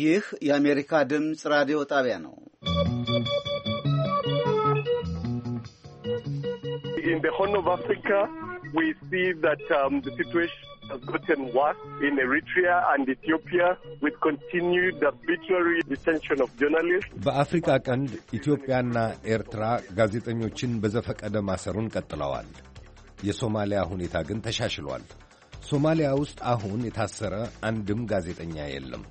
ይህ የአሜሪካ ድምፅ ራዲዮ ጣቢያ ነው። በአፍሪካ ቀንድ ኢትዮጵያና ኤርትራ ጋዜጠኞችን በዘፈቀደ ማሰሩን ቀጥለዋል። የሶማሊያ ሁኔታ ግን ተሻሽሏል። ሶማሊያ ውስጥ አሁን የታሰረ አንድም ጋዜጠኛ የለም።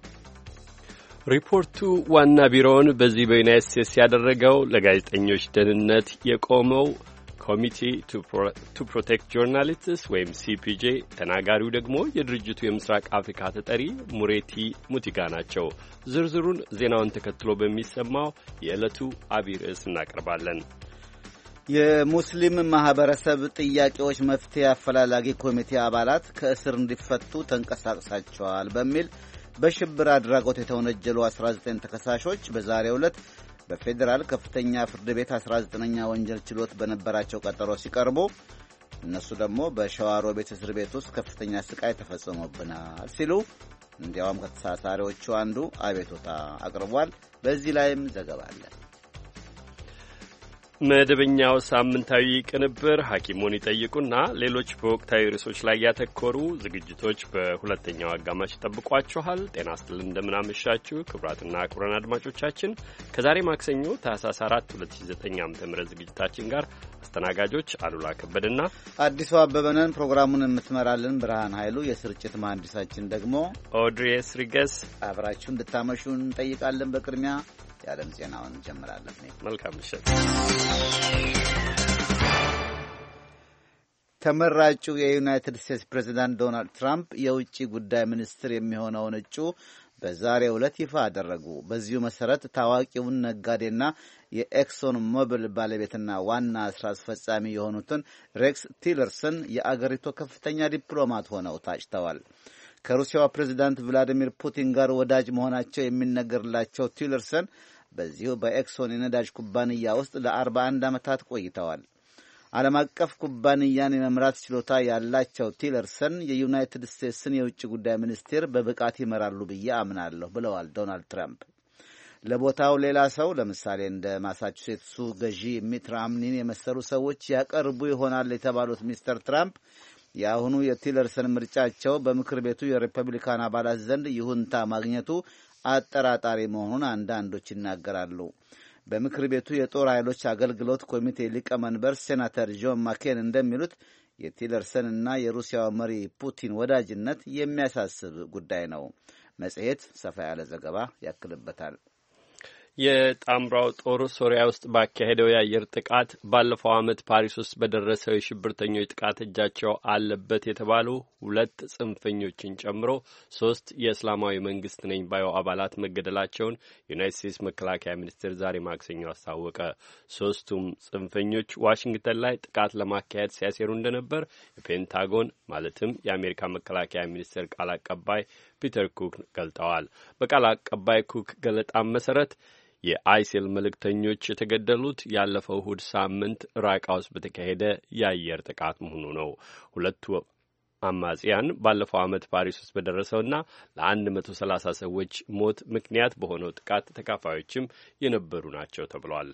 ሪፖርቱ ዋና ቢሮውን በዚህ በዩናይት ስቴትስ ያደረገው ለጋዜጠኞች ደህንነት የቆመው ኮሚቴ ቱ ፕሮቴክት ጆርናሊስትስ ወይም ሲፒጄ ተናጋሪው ደግሞ የድርጅቱ የምስራቅ አፍሪካ ተጠሪ ሙሬቲ ሙቲጋ ናቸው። ዝርዝሩን ዜናውን ተከትሎ በሚሰማው የዕለቱ አቢይ ርዕስ እናቀርባለን። የሙስሊም ማህበረሰብ ጥያቄዎች መፍትሄ አፈላላጊ ኮሚቴ አባላት ከእስር እንዲፈቱ ተንቀሳቅሳቸዋል በሚል በሽብር አድራጎት የተወነጀሉ 19 ተከሳሾች በዛሬው ዕለት በፌዴራል ከፍተኛ ፍርድ ቤት 19ኛ ወንጀል ችሎት በነበራቸው ቀጠሮ ሲቀርቡ እነሱ ደግሞ በሸዋሮ ቤት እስር ቤት ውስጥ ከፍተኛ ስቃይ ተፈጽሞብናል ሲሉ እንዲያውም ከተሳሳሪዎቹ አንዱ አቤቱታ አቅርቧል። በዚህ ላይም ዘገባ አለን። መደበኛው ሳምንታዊ ቅንብር ሐኪሙን ይጠይቁና ሌሎች በወቅታዊ ርዕሶች ላይ ያተኮሩ ዝግጅቶች በሁለተኛው አጋማሽ ይጠብቋችኋል። ጤና ስትልን እንደምናመሻችሁ ክቡራትና ክቡራን አድማጮቻችን ከዛሬ ማክሰኞ ታህሳስ 4 2009 ዓ ም ዝግጅታችን ጋር አስተናጋጆች አሉላ ከበድና አዲሱ አበበነን። ፕሮግራሙን የምትመራልን ብርሃን ኃይሉ፣ የስርጭት መሐንዲሳችን ደግሞ ኦድሬስ ሪገስ። አብራችሁ እንድታመሹ እንጠይቃለን። በቅድሚያ የዓለም ዜናውን እንጀምራለን። መልካም ምሽት። ተመራጩ የዩናይትድ ስቴትስ ፕሬዚዳንት ዶናልድ ትራምፕ የውጭ ጉዳይ ሚኒስትር የሚሆነውን እጩ በዛሬው ዕለት ይፋ አደረጉ። በዚሁ መሠረት ታዋቂውን ነጋዴና የኤክሶን ሞብል ባለቤትና ዋና ስራ አስፈጻሚ የሆኑትን ሬክስ ቲለርሰን የአገሪቱ ከፍተኛ ዲፕሎማት ሆነው ታጭተዋል። ከሩሲያዋ ፕሬዚዳንት ቭላዲሚር ፑቲን ጋር ወዳጅ መሆናቸው የሚነገርላቸው ቲለርሰን በዚሁ በኤክሶን የነዳጅ ኩባንያ ውስጥ ለ41 ዓመታት ቆይተዋል። ዓለም አቀፍ ኩባንያን የመምራት ችሎታ ያላቸው ቲለርሰን የዩናይትድ ስቴትስን የውጭ ጉዳይ ሚኒስቴር በብቃት ይመራሉ ብዬ አምናለሁ ብለዋል ዶናልድ ትራምፕ። ለቦታው ሌላ ሰው ለምሳሌ እንደ ማሳቹሴትሱ ገዢ ሚት ራምኒን የመሰሉ ሰዎች ያቀርቡ ይሆናል የተባሉት ሚስተር ትራምፕ የአሁኑ የቲለርሰን ምርጫቸው በምክር ቤቱ የሪፐብሊካን አባላት ዘንድ ይሁንታ ማግኘቱ አጠራጣሪ መሆኑን አንዳንዶች ይናገራሉ። በምክር ቤቱ የጦር ኃይሎች አገልግሎት ኮሚቴ ሊቀመንበር ሴናተር ጆን ማኬን እንደሚሉት የቲለርሰን እና የሩሲያው መሪ ፑቲን ወዳጅነት የሚያሳስብ ጉዳይ ነው። መጽሔት ሰፋ ያለ ዘገባ ያክልበታል። የጣምራው ጦር ሶሪያ ውስጥ ባካሄደው የአየር ጥቃት ባለፈው ዓመት ፓሪስ ውስጥ በደረሰው የሽብርተኞች ጥቃት እጃቸው አለበት የተባሉ ሁለት ጽንፈኞችን ጨምሮ ሶስት የእስላማዊ መንግስት ነኝ ባዩ አባላት መገደላቸውን ዩናይት ስቴትስ መከላከያ ሚኒስቴር ዛሬ ማክሰኞ አስታወቀ። ሶስቱም ጽንፈኞች ዋሽንግተን ላይ ጥቃት ለማካሄድ ሲያሴሩ እንደነበር የፔንታጎን ማለትም የአሜሪካ መከላከያ ሚኒስቴር ቃል አቀባይ ፒተር ኩክ ገልጠዋል። በቃል አቀባይ ኩክ ገለጣም መሰረት የአይሲል መልእክተኞች የተገደሉት ያለፈው እሁድ ሳምንት ራቃ ውስጥ በተካሄደ የአየር ጥቃት መሆኑ ነው። ሁለቱ አማጽያን ባለፈው ዓመት ፓሪስ ውስጥ በደረሰውና ለ130 ሰዎች ሞት ምክንያት በሆነው ጥቃት ተካፋዮችም የነበሩ ናቸው ተብሏል።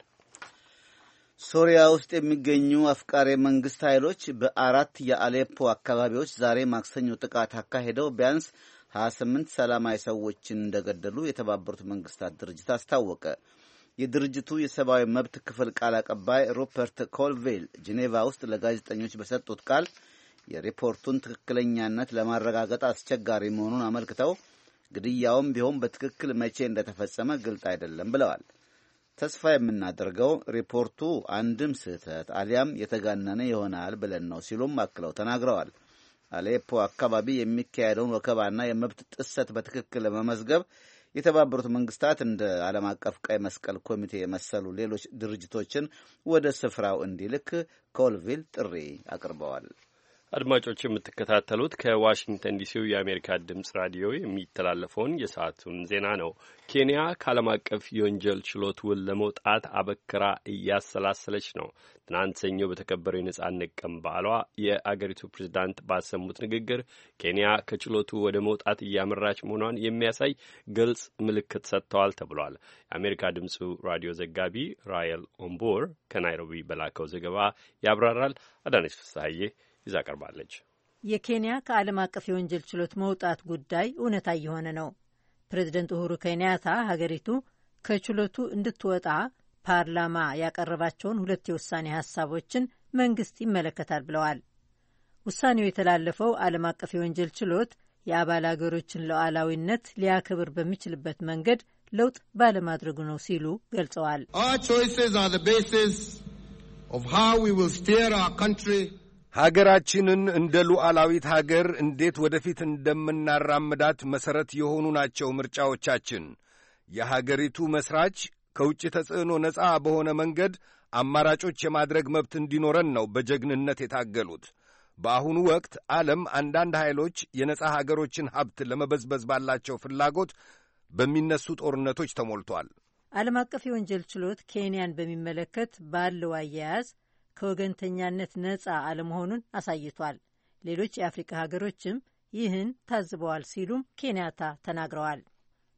ሶሪያ ውስጥ የሚገኙ አፍቃሪ መንግስት ኃይሎች በአራት የአሌፖ አካባቢዎች ዛሬ ማክሰኞ ጥቃት አካሄደው ቢያንስ 28 ሰላማዊ ሰዎችን እንደገደሉ የተባበሩት መንግስታት ድርጅት አስታወቀ። የድርጅቱ የሰብአዊ መብት ክፍል ቃል አቀባይ ሩፐርት ኮልቬል ጄኔቫ ውስጥ ለጋዜጠኞች በሰጡት ቃል የሪፖርቱን ትክክለኛነት ለማረጋገጥ አስቸጋሪ መሆኑን አመልክተው ግድያውም ቢሆን በትክክል መቼ እንደተፈጸመ ግልጽ አይደለም ብለዋል። ተስፋ የምናደርገው ሪፖርቱ አንድም ስህተት አሊያም የተጋነነ ይሆናል ብለን ነው ሲሉም አክለው ተናግረዋል። አሌፖ አካባቢ የሚካሄደውን ወከባና የመብት ጥሰት በትክክል ለመመዝገብ የተባበሩት መንግስታት እንደ ዓለም አቀፍ ቀይ መስቀል ኮሚቴ የመሰሉ ሌሎች ድርጅቶችን ወደ ስፍራው እንዲልክ ኮልቪል ጥሪ አቅርበዋል። አድማጮች የምትከታተሉት ከዋሽንግተን ዲሲው የአሜሪካ ድምጽ ራዲዮ የሚተላለፈውን የሰዓቱን ዜና ነው። ኬንያ ከዓለም አቀፍ የወንጀል ችሎት ውል ለመውጣት አበክራ እያሰላሰለች ነው። ትናንት ሰኞ በተከበረው የነጻነት ቀን በዓሏ የአገሪቱ ፕሬዚዳንት ባሰሙት ንግግር ኬንያ ከችሎቱ ወደ መውጣት እያመራች መሆኗን የሚያሳይ ግልጽ ምልክት ሰጥተዋል ተብሏል። የአሜሪካ ድምፁ ራዲዮ ዘጋቢ ራየል ኦምቦር ከናይሮቢ በላከው ዘገባ ያብራራል። አዳነች ፍስሐዬ ይዛ ቀርባለች። የኬንያ ከዓለም አቀፍ የወንጀል ችሎት መውጣት ጉዳይ እውነታ እየሆነ ነው። ፕሬዚደንት ኡሁሩ ኬንያታ ሀገሪቱ ከችሎቱ እንድትወጣ ፓርላማ ያቀረባቸውን ሁለት የውሳኔ ሀሳቦችን መንግስት ይመለከታል ብለዋል። ውሳኔው የተላለፈው ዓለም አቀፍ የወንጀል ችሎት የአባል አገሮችን ሉዓላዊነት ሊያከብር በሚችልበት መንገድ ለውጥ ባለማድረጉ ነው ሲሉ ገልጸዋል። ሀገራችንን እንደ ሉዓላዊት ሀገር እንዴት ወደፊት እንደምናራምዳት መሠረት የሆኑ ናቸው ምርጫዎቻችን። የሀገሪቱ መሥራች ከውጭ ተጽዕኖ ነፃ በሆነ መንገድ አማራጮች የማድረግ መብት እንዲኖረን ነው በጀግንነት የታገሉት። በአሁኑ ወቅት ዓለም አንዳንድ ኃይሎች የነፃ ሀገሮችን ሀብት ለመበዝበዝ ባላቸው ፍላጎት በሚነሱ ጦርነቶች ተሞልቷል። ዓለም አቀፍ የወንጀል ችሎት ኬንያን በሚመለከት ባለው አያያዝ ከወገንተኛነት ነፃ አለመሆኑን አሳይቷል። ሌሎች የአፍሪካ ሀገሮችም ይህን ታዝበዋል ሲሉም ኬንያታ ተናግረዋል።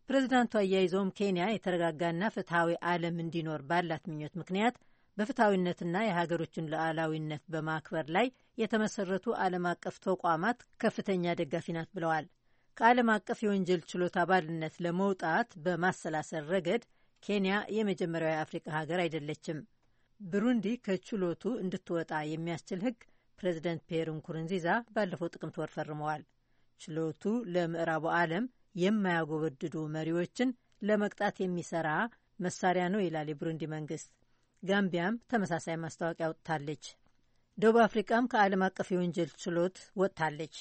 ፕሬዚዳንቱ አያይዘውም ኬንያ የተረጋጋና ፍትሐዊ ዓለም እንዲኖር ባላት ምኞት ምክንያት በፍትሐዊነትና የሀገሮችን ሉዓላዊነት በማክበር ላይ የተመሰረቱ ዓለም አቀፍ ተቋማት ከፍተኛ ደጋፊ ናት ብለዋል። ከዓለም አቀፍ የወንጀል ችሎት አባልነት ለመውጣት በማሰላሰል ረገድ ኬንያ የመጀመሪያው የአፍሪካ ሀገር አይደለችም። ብሩንዲ ከችሎቱ እንድትወጣ የሚያስችል ህግ ፕሬዚደንት ፒየር ንኩርንዚዛ ባለፈው ጥቅምት ወር ፈርመዋል። ችሎቱ ለምዕራቡ ዓለም የማያጎበድዱ መሪዎችን ለመቅጣት የሚሰራ መሳሪያ ነው ይላል የብሩንዲ መንግስት። ጋምቢያም ተመሳሳይ ማስታወቂያ ወጥታለች። ደቡብ አፍሪቃም ከዓለም አቀፍ የወንጀል ችሎት ወጥታለች።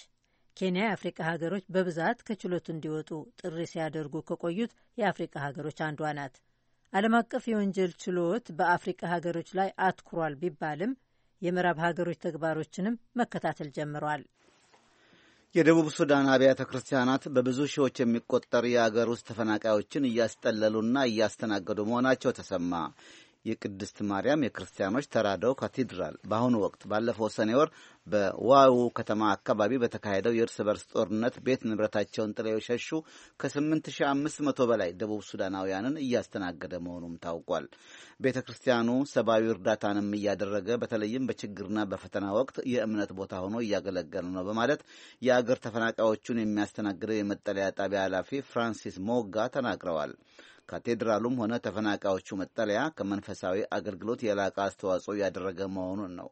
ኬንያ የአፍሪቃ ሀገሮች በብዛት ከችሎቱ እንዲወጡ ጥሪ ሲያደርጉ ከቆዩት የአፍሪቃ ሀገሮች አንዷ ናት። ዓለም አቀፍ የወንጀል ችሎት በአፍሪቃ ሀገሮች ላይ አትኩሯል ቢባልም የምዕራብ ሀገሮች ተግባሮችንም መከታተል ጀምሯል። የደቡብ ሱዳን አብያተ ክርስቲያናት በብዙ ሺዎች የሚቆጠሩ የአገር ውስጥ ተፈናቃዮችን እያስጠለሉና እያስተናገዱ መሆናቸው ተሰማ። የቅድስት ማርያም የክርስቲያኖች ተራድኦ ካቴድራል በአሁኑ ወቅት ባለፈው ሰኔ ወር በዋው ከተማ አካባቢ በተካሄደው የእርስ በርስ ጦርነት ቤት ንብረታቸውን ጥለው የሸሹ ከ8500 በላይ ደቡብ ሱዳናውያንን እያስተናገደ መሆኑም ታውቋል። ቤተ ክርስቲያኑ ሰብአዊ እርዳታንም እያደረገ በተለይም በችግርና በፈተና ወቅት የእምነት ቦታ ሆኖ እያገለገለ ነው በማለት የአገር ተፈናቃዮቹን የሚያስተናግደው የመጠለያ ጣቢያ ኃላፊ ፍራንሲስ ሞጋ ተናግረዋል። ካቴድራሉም ሆነ ተፈናቃዮቹ መጠለያ ከመንፈሳዊ አገልግሎት የላቀ አስተዋጽኦ እያደረገ መሆኑን ነው።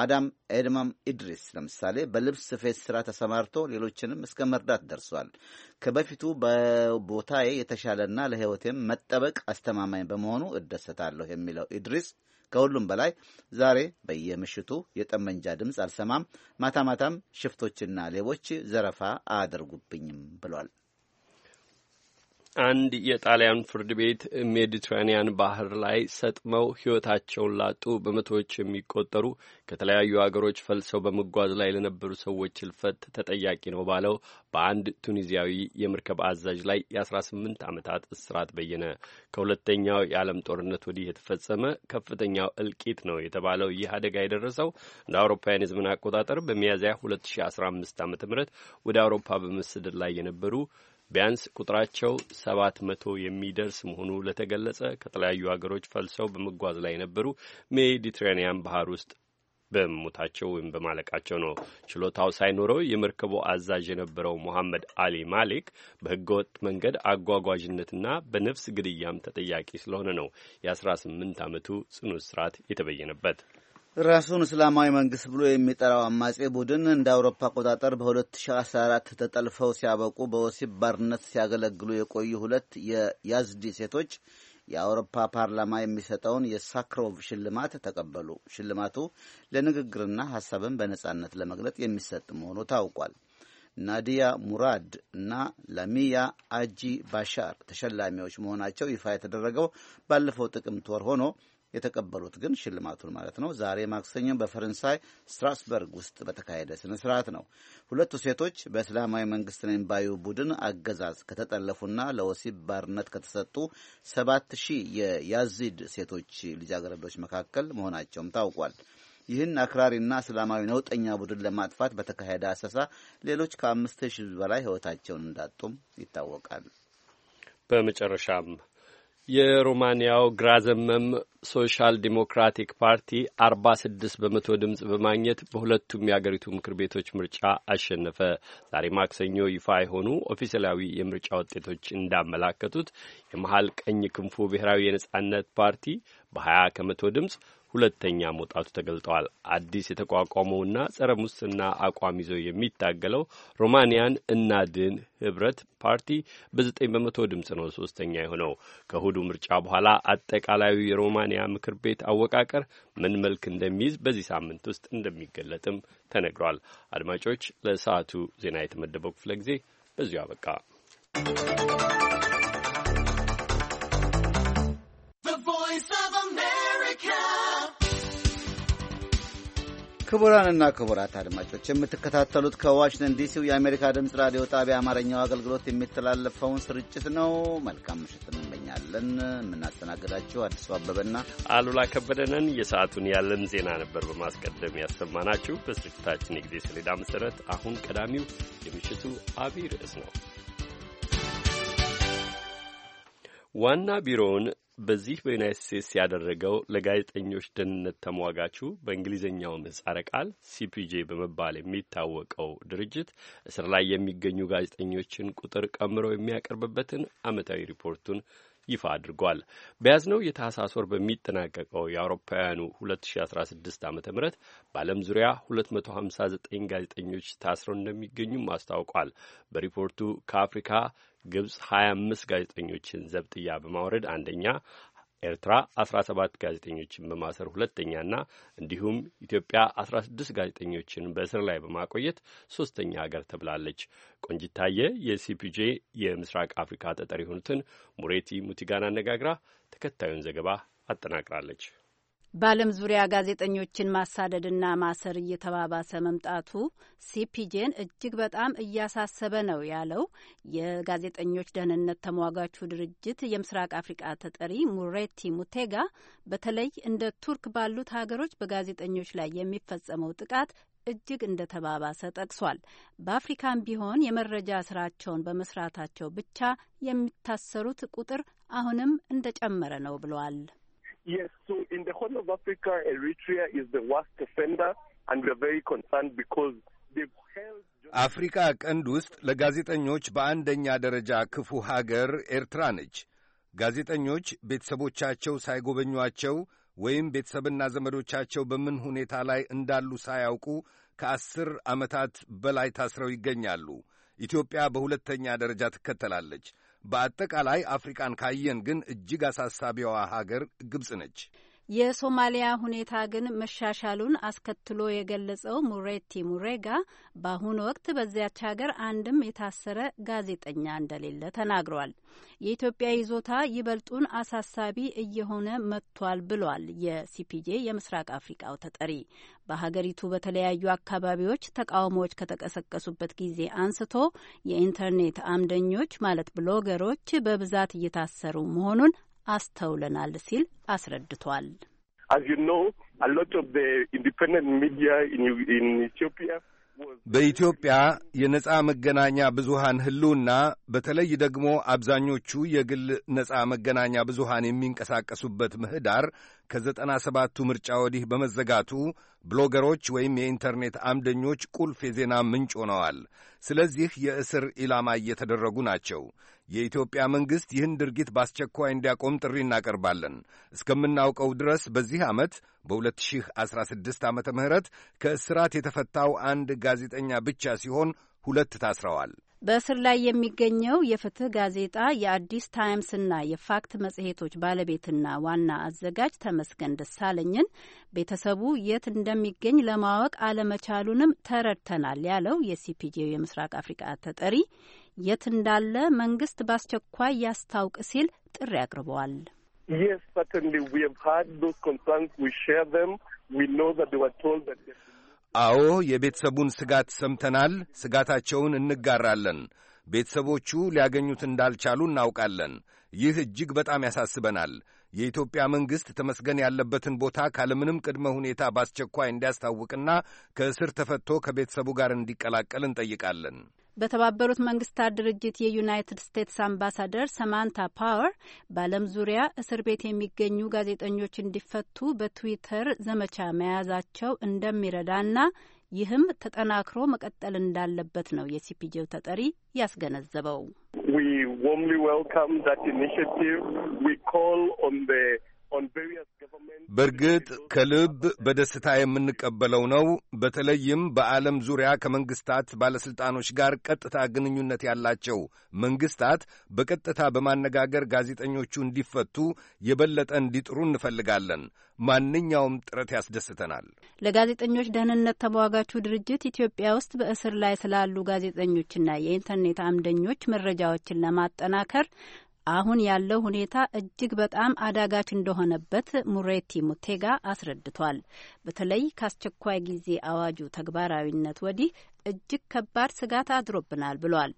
አዳም ኤድማም ኢድሪስ ለምሳሌ በልብስ ስፌት ስራ ተሰማርቶ ሌሎችንም እስከ መርዳት ደርሷል። ከበፊቱ በቦታዬ የተሻለና ለሕይወቴም መጠበቅ አስተማማኝ በመሆኑ እደሰታለሁ የሚለው ኢድሪስ ከሁሉም በላይ ዛሬ በየምሽቱ የጠመንጃ ድምፅ አልሰማም፣ ማታ ማታም ሽፍቶችና ሌቦች ዘረፋ አያደርጉብኝም ብሏል። አንድ የጣሊያን ፍርድ ቤት ሜዲትራኒያን ባህር ላይ ሰጥመው ሕይወታቸውን ላጡ በመቶዎች የሚቆጠሩ ከተለያዩ አገሮች ፈልሰው በመጓዝ ላይ ለነበሩ ሰዎች ሕልፈት ተጠያቂ ነው ባለው በአንድ ቱኒዚያዊ የመርከብ አዛዥ ላይ የአስራ ስምንት ዓመታት እስራት በየነ። ከሁለተኛው የዓለም ጦርነት ወዲህ የተፈጸመ ከፍተኛው እልቂት ነው የተባለው ይህ አደጋ የደረሰው እንደ አውሮፓውያን የዘመን አቆጣጠር በሚያዝያ ሁለት ሺ አስራ አምስት ወደ አውሮፓ በመሰደድ ላይ የነበሩ ቢያንስ ቁጥራቸው ሰባት መቶ የሚደርስ መሆኑ ለተገለጸ ከተለያዩ ሀገሮች ፈልሰው በመጓዝ ላይ የነበሩ ሜዲትራኒያን ባህር ውስጥ በመሞታቸው ወይም በማለቃቸው ነው። ችሎታው ሳይኖረው የመርከቡ አዛዥ የነበረው ሞሐመድ አሊ ማሊክ ወጥ መንገድ አጓጓዥነትና በነፍስ ግድያም ተጠያቂ ስለሆነ ነው የ18 ዓመቱ ጽኑ እስራት የተበየነበት። ራሱን እስላማዊ መንግስት ብሎ የሚጠራው አማጺ ቡድን እንደ አውሮፓ አቆጣጠር በ2014 ተጠልፈው ሲያበቁ በወሲብ ባርነት ሲያገለግሉ የቆዩ ሁለት የያዝዲ ሴቶች የአውሮፓ ፓርላማ የሚሰጠውን የሳክሮቭ ሽልማት ተቀበሉ። ሽልማቱ ለንግግርና ሀሳብን በነጻነት ለመግለጥ የሚሰጥ መሆኑ ታውቋል። ናዲያ ሙራድ እና ላሚያ አጂ ባሻር ተሸላሚዎች መሆናቸው ይፋ የተደረገው ባለፈው ጥቅምት ወር ሆኖ የተቀበሉት ግን ሽልማቱን ማለት ነው ዛሬ ማክሰኞ በፈረንሳይ ስትራስበርግ ውስጥ በተካሄደ ስነ ስርዓት ነው። ሁለቱ ሴቶች በእስላማዊ መንግስት ነኝ ባዩ ቡድን አገዛዝ ከተጠለፉና ለወሲብ ባርነት ከተሰጡ ሰባት ሺህ የያዚድ ሴቶች ልጃገረዶች መካከል መሆናቸውም ታውቋል። ይህን አክራሪና እስላማዊ ነውጠኛ ቡድን ለማጥፋት በተካሄደ አሰሳ ሌሎች ከአምስት ሺህ በላይ ህይወታቸውን እንዳጡም ይታወቃል። በመጨረሻም የሮማንያው ግራ ዘመም ሶሻል ዲሞክራቲክ ፓርቲ አርባ ስድስት በመቶ ድምፅ በማግኘት በሁለቱም የአገሪቱ ምክር ቤቶች ምርጫ አሸነፈ። ዛሬ ማክሰኞ ይፋ የሆኑ ኦፊሴላዊ የምርጫ ውጤቶች እንዳመላከቱት የመሀል ቀኝ ክንፉ ብሔራዊ የነጻነት ፓርቲ በሀያ ከመቶ ድምፅ ሁለተኛ መውጣቱ ተገልጠዋል። አዲስ የተቋቋመውና ጸረ ሙስና አቋም ይዘው የሚታገለው ሮማንያን እናድን ህብረት ፓርቲ በዘጠኝ በመቶ ድምፅ ነው ሶስተኛ የሆነው። ከእሁዱ ምርጫ በኋላ አጠቃላዩ የሮማንያ ምክር ቤት አወቃቀር ምን መልክ እንደሚይዝ በዚህ ሳምንት ውስጥ እንደሚገለጥም ተነግሯል። አድማጮች፣ ለሰዓቱ ዜና የተመደበው ክፍለ ጊዜ በዚሁ አበቃ። ክቡራንና ክቡራት አድማጮች የምትከታተሉት ከዋሽንግተን ዲሲው የአሜሪካ ድምፅ ራዲዮ ጣቢያ አማርኛው አገልግሎት የሚተላለፈውን ስርጭት ነው። መልካም ምሽት እንመኛለን። የምናስተናግዳችሁ አዲሱ አበበና አሉላ ከበደንን። የሰዓቱን ያለን ዜና ነበር በማስቀደም ያሰማናችሁ። በስርጭታችን የጊዜ ሰሌዳ መሰረት አሁን ቀዳሚው የምሽቱ አብይ ርዕስ ነው። ዋና ቢሮውን በዚህ በዩናይት ስቴትስ ያደረገው ለጋዜጠኞች ደህንነት ተሟጋቹ በእንግሊዝኛው ምህጻረ ቃል ሲፒጄ በመባል የሚታወቀው ድርጅት እስር ላይ የሚገኙ ጋዜጠኞችን ቁጥር ቀምረው የሚያቀርብበትን ዓመታዊ ሪፖርቱን ይፋ አድርጓል። በያዝነው የታህሳስ ወር በሚጠናቀቀው የአውሮፓውያኑ 2016 ዓ ም በዓለም ዙሪያ 259 ጋዜጠኞች ታስረው እንደሚገኙም አስታውቋል። በሪፖርቱ ከአፍሪካ ግብጽ 25 ጋዜጠኞችን ዘብጥያ በማውረድ አንደኛ ኤርትራ 17 ጋዜጠኞችን በማሰር ሁለተኛና እንዲሁም ኢትዮጵያ 16 ጋዜጠኞችን በእስር ላይ በማቆየት ሶስተኛ ሀገር ተብላለች። ቆንጅታየ የሲፒጄ የምስራቅ አፍሪካ ተጠሪ የሆኑትን ሙሬቲ ሙቲጋን አነጋግራ ተከታዩን ዘገባ አጠናቅራለች። በዓለም ዙሪያ ጋዜጠኞችን ማሳደድና ማሰር እየተባባሰ መምጣቱ ሲፒጄን እጅግ በጣም እያሳሰበ ነው ያለው የጋዜጠኞች ደህንነት ተሟጋቹ ድርጅት የምስራቅ አፍሪቃ ተጠሪ ሙሬቲ ሙቴጋ በተለይ እንደ ቱርክ ባሉት ሀገሮች በጋዜጠኞች ላይ የሚፈጸመው ጥቃት እጅግ እንደ ተባባሰ ጠቅሷል። በአፍሪካም ቢሆን የመረጃ ስራቸውን በመስራታቸው ብቻ የሚታሰሩት ቁጥር አሁንም እንደ ጨመረ ነው ብሏል። Yes, so in the Horn of Africa, Eritrea is the worst offender, and we are very concerned because they've held. አፍሪካ ቀንድ ውስጥ ለጋዜጠኞች በአንደኛ ደረጃ ክፉ ሀገር ኤርትራ ነች። ጋዜጠኞች ቤተሰቦቻቸው ሳይጎበኟቸው ወይም ቤተሰብና ዘመዶቻቸው በምን ሁኔታ ላይ እንዳሉ ሳያውቁ ከአስር ዓመታት በላይ ታስረው ይገኛሉ። ኢትዮጵያ በሁለተኛ ደረጃ ትከተላለች። በአጠቃላይ አፍሪቃን ካየን ግን እጅግ አሳሳቢዋ ሀገር ግብፅ ነች። የሶማሊያ ሁኔታ ግን መሻሻሉን አስከትሎ የገለጸው ሙሬቲ ሙሬጋ በአሁኑ ወቅት በዚያች ሀገር አንድም የታሰረ ጋዜጠኛ እንደሌለ ተናግሯል። የኢትዮጵያ ይዞታ ይበልጡን አሳሳቢ እየሆነ መጥቷል ብሏል። የሲፒጄ የምስራቅ አፍሪቃው ተጠሪ በሀገሪቱ በተለያዩ አካባቢዎች ተቃውሞዎች ከተቀሰቀሱበት ጊዜ አንስቶ የኢንተርኔት አምደኞች ማለት ብሎገሮች በብዛት እየታሰሩ መሆኑን አስተውለናል ሲል አስረድቷል። በኢትዮጵያ የነጻ መገናኛ ብዙሃን ህልውና በተለይ ደግሞ አብዛኞቹ የግል ነጻ መገናኛ ብዙሃን የሚንቀሳቀሱበት ምህዳር ከዘጠና ሰባቱ ምርጫ ወዲህ በመዘጋቱ ብሎገሮች ወይም የኢንተርኔት አምደኞች ቁልፍ የዜና ምንጭ ሆነዋል። ስለዚህ የእስር ኢላማ እየተደረጉ ናቸው። የኢትዮጵያ መንግሥት ይህን ድርጊት በአስቸኳይ እንዲያቆም ጥሪ እናቀርባለን። እስከምናውቀው ድረስ በዚህ ዓመት በ2016 ዓ ምህረት ከእስራት የተፈታው አንድ ጋዜጠኛ ብቻ ሲሆን ሁለት ታስረዋል። በእስር ላይ የሚገኘው የፍትህ ጋዜጣ የአዲስ ታይምስና የፋክት መጽሔቶች ባለቤትና ዋና አዘጋጅ ተመስገን ደሳለኝን ቤተሰቡ የት እንደሚገኝ ለማወቅ አለመቻሉንም ተረድተናል ያለው የሲፒጄው የምስራቅ አፍሪቃ ተጠሪ የት እንዳለ መንግስት በአስቸኳይ ያስታውቅ ሲል ጥሪ አቅርበዋል። አዎ የቤተሰቡን ስጋት ሰምተናል። ስጋታቸውን እንጋራለን። ቤተሰቦቹ ሊያገኙት እንዳልቻሉ እናውቃለን። ይህ እጅግ በጣም ያሳስበናል። የኢትዮጵያ መንግሥት ተመስገን ያለበትን ቦታ ካለምንም ቅድመ ሁኔታ በአስቸኳይ እንዲያስታውቅና ከእስር ተፈቶ ከቤተሰቡ ጋር እንዲቀላቀል እንጠይቃለን። በተባበሩት መንግስታት ድርጅት የዩናይትድ ስቴትስ አምባሳደር ሰማንታ ፓወር በዓለም ዙሪያ እስር ቤት የሚገኙ ጋዜጠኞች እንዲፈቱ በትዊተር ዘመቻ መያዛቸው እንደሚረዳና ይህም ተጠናክሮ መቀጠል እንዳለበት ነው የሲፒጄው ተጠሪ ያስገነዘበው። በእርግጥ ከልብ በደስታ የምንቀበለው ነው። በተለይም በዓለም ዙሪያ ከመንግስታት ባለሥልጣኖች ጋር ቀጥታ ግንኙነት ያላቸው መንግስታት በቀጥታ በማነጋገር ጋዜጠኞቹ እንዲፈቱ የበለጠ እንዲጥሩ እንፈልጋለን። ማንኛውም ጥረት ያስደስተናል። ለጋዜጠኞች ደህንነት ተሟጋቹ ድርጅት ኢትዮጵያ ውስጥ በእስር ላይ ስላሉ ጋዜጠኞችና የኢንተርኔት አምደኞች መረጃዎችን ለማጠናከር አሁን ያለው ሁኔታ እጅግ በጣም አዳጋች እንደሆነበት ሙሬቲ ሙቴጋ አስረድቷል። በተለይ ከአስቸኳይ ጊዜ አዋጁ ተግባራዊነት ወዲህ እጅግ ከባድ ስጋት አድሮብናል ብሏል።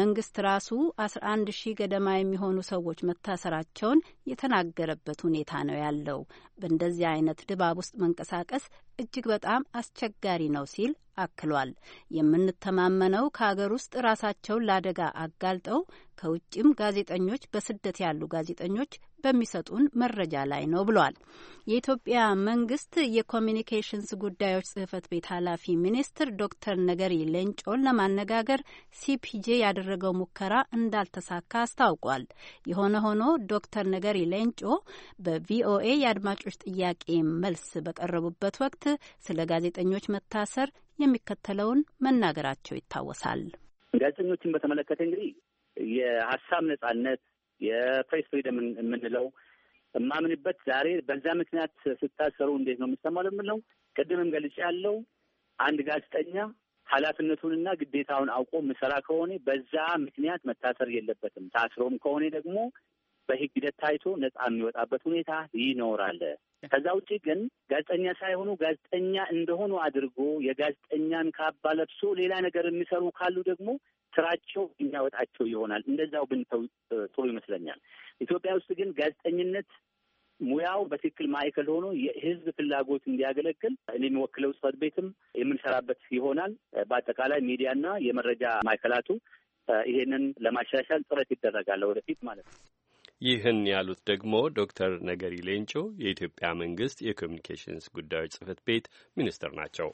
መንግስት ራሱ አስራ አንድ ሺህ ገደማ የሚሆኑ ሰዎች መታሰራቸውን የተናገረበት ሁኔታ ነው ያለው። በእንደዚህ አይነት ድባብ ውስጥ መንቀሳቀስ እጅግ በጣም አስቸጋሪ ነው ሲል አክሏል። የምንተማመነው ከሀገር ውስጥ ራሳቸውን ለአደጋ አጋልጠው ከውጭም ጋዜጠኞች፣ በስደት ያሉ ጋዜጠኞች በሚሰጡን መረጃ ላይ ነው ብሏል። የኢትዮጵያ መንግስት የኮሚኒኬሽንስ ጉዳዮች ጽህፈት ቤት ኃላፊ ሚኒስትር ዶክተር ነገሪ ሌንጮን ለማነጋገር ሲፒጄ ያደረገው ሙከራ እንዳልተሳካ አስታውቋል። የሆነ ሆኖ ዶክተር ነገሪ ሌንጮ በቪኦኤ የአድማጮች ጥያቄ መልስ በቀረቡበት ወቅት ስለ ጋዜጠኞች መታሰር የሚከተለውን መናገራቸው ይታወሳል። ጋዜጠኞችን በተመለከተ እንግዲህ የሀሳብ ነጻነት የፕሬስ ፍሪደም የምንለው የማምንበት ዛሬ በዛ ምክንያት ስታሰሩ እንዴት ነው የምሰማው የምለው ቅድምም ገልጬ ያለው አንድ ጋዜጠኛ ኃላፊነቱንና ግዴታውን አውቆ ምሰራ ከሆነ በዛ ምክንያት መታሰር የለበትም። ታስሮም ከሆነ ደግሞ በህግ ሂደት ታይቶ ነጻ የሚወጣበት ሁኔታ ይኖራል። ከዛ ውጭ ግን ጋዜጠኛ ሳይሆኑ ጋዜጠኛ እንደሆኑ አድርጎ የጋዜጠኛን ካባ ለብሶ ሌላ ነገር የሚሰሩ ካሉ ደግሞ ስራቸው የሚያወጣቸው ይሆናል። እንደዛው ብንተው ጥሩ ይመስለኛል። ኢትዮጵያ ውስጥ ግን ጋዜጠኝነት ሙያው በትክክል ማዕከል ሆኖ የህዝብ ፍላጎት እንዲያገለግል እኔ የሚወክለው ጽሕፈት ቤትም የምንሰራበት ይሆናል። በአጠቃላይ ሚዲያና የመረጃ ማዕከላቱ ይሄንን ለማሻሻል ጥረት ይደረጋል ወደፊት ማለት ነው። ይህን ያሉት ደግሞ ዶክተር ነገሪ ሌንጮ የኢትዮጵያ መንግስት የኮሚኒኬሽንስ ጉዳዮች ጽህፈት ቤት ሚኒስትር ናቸው።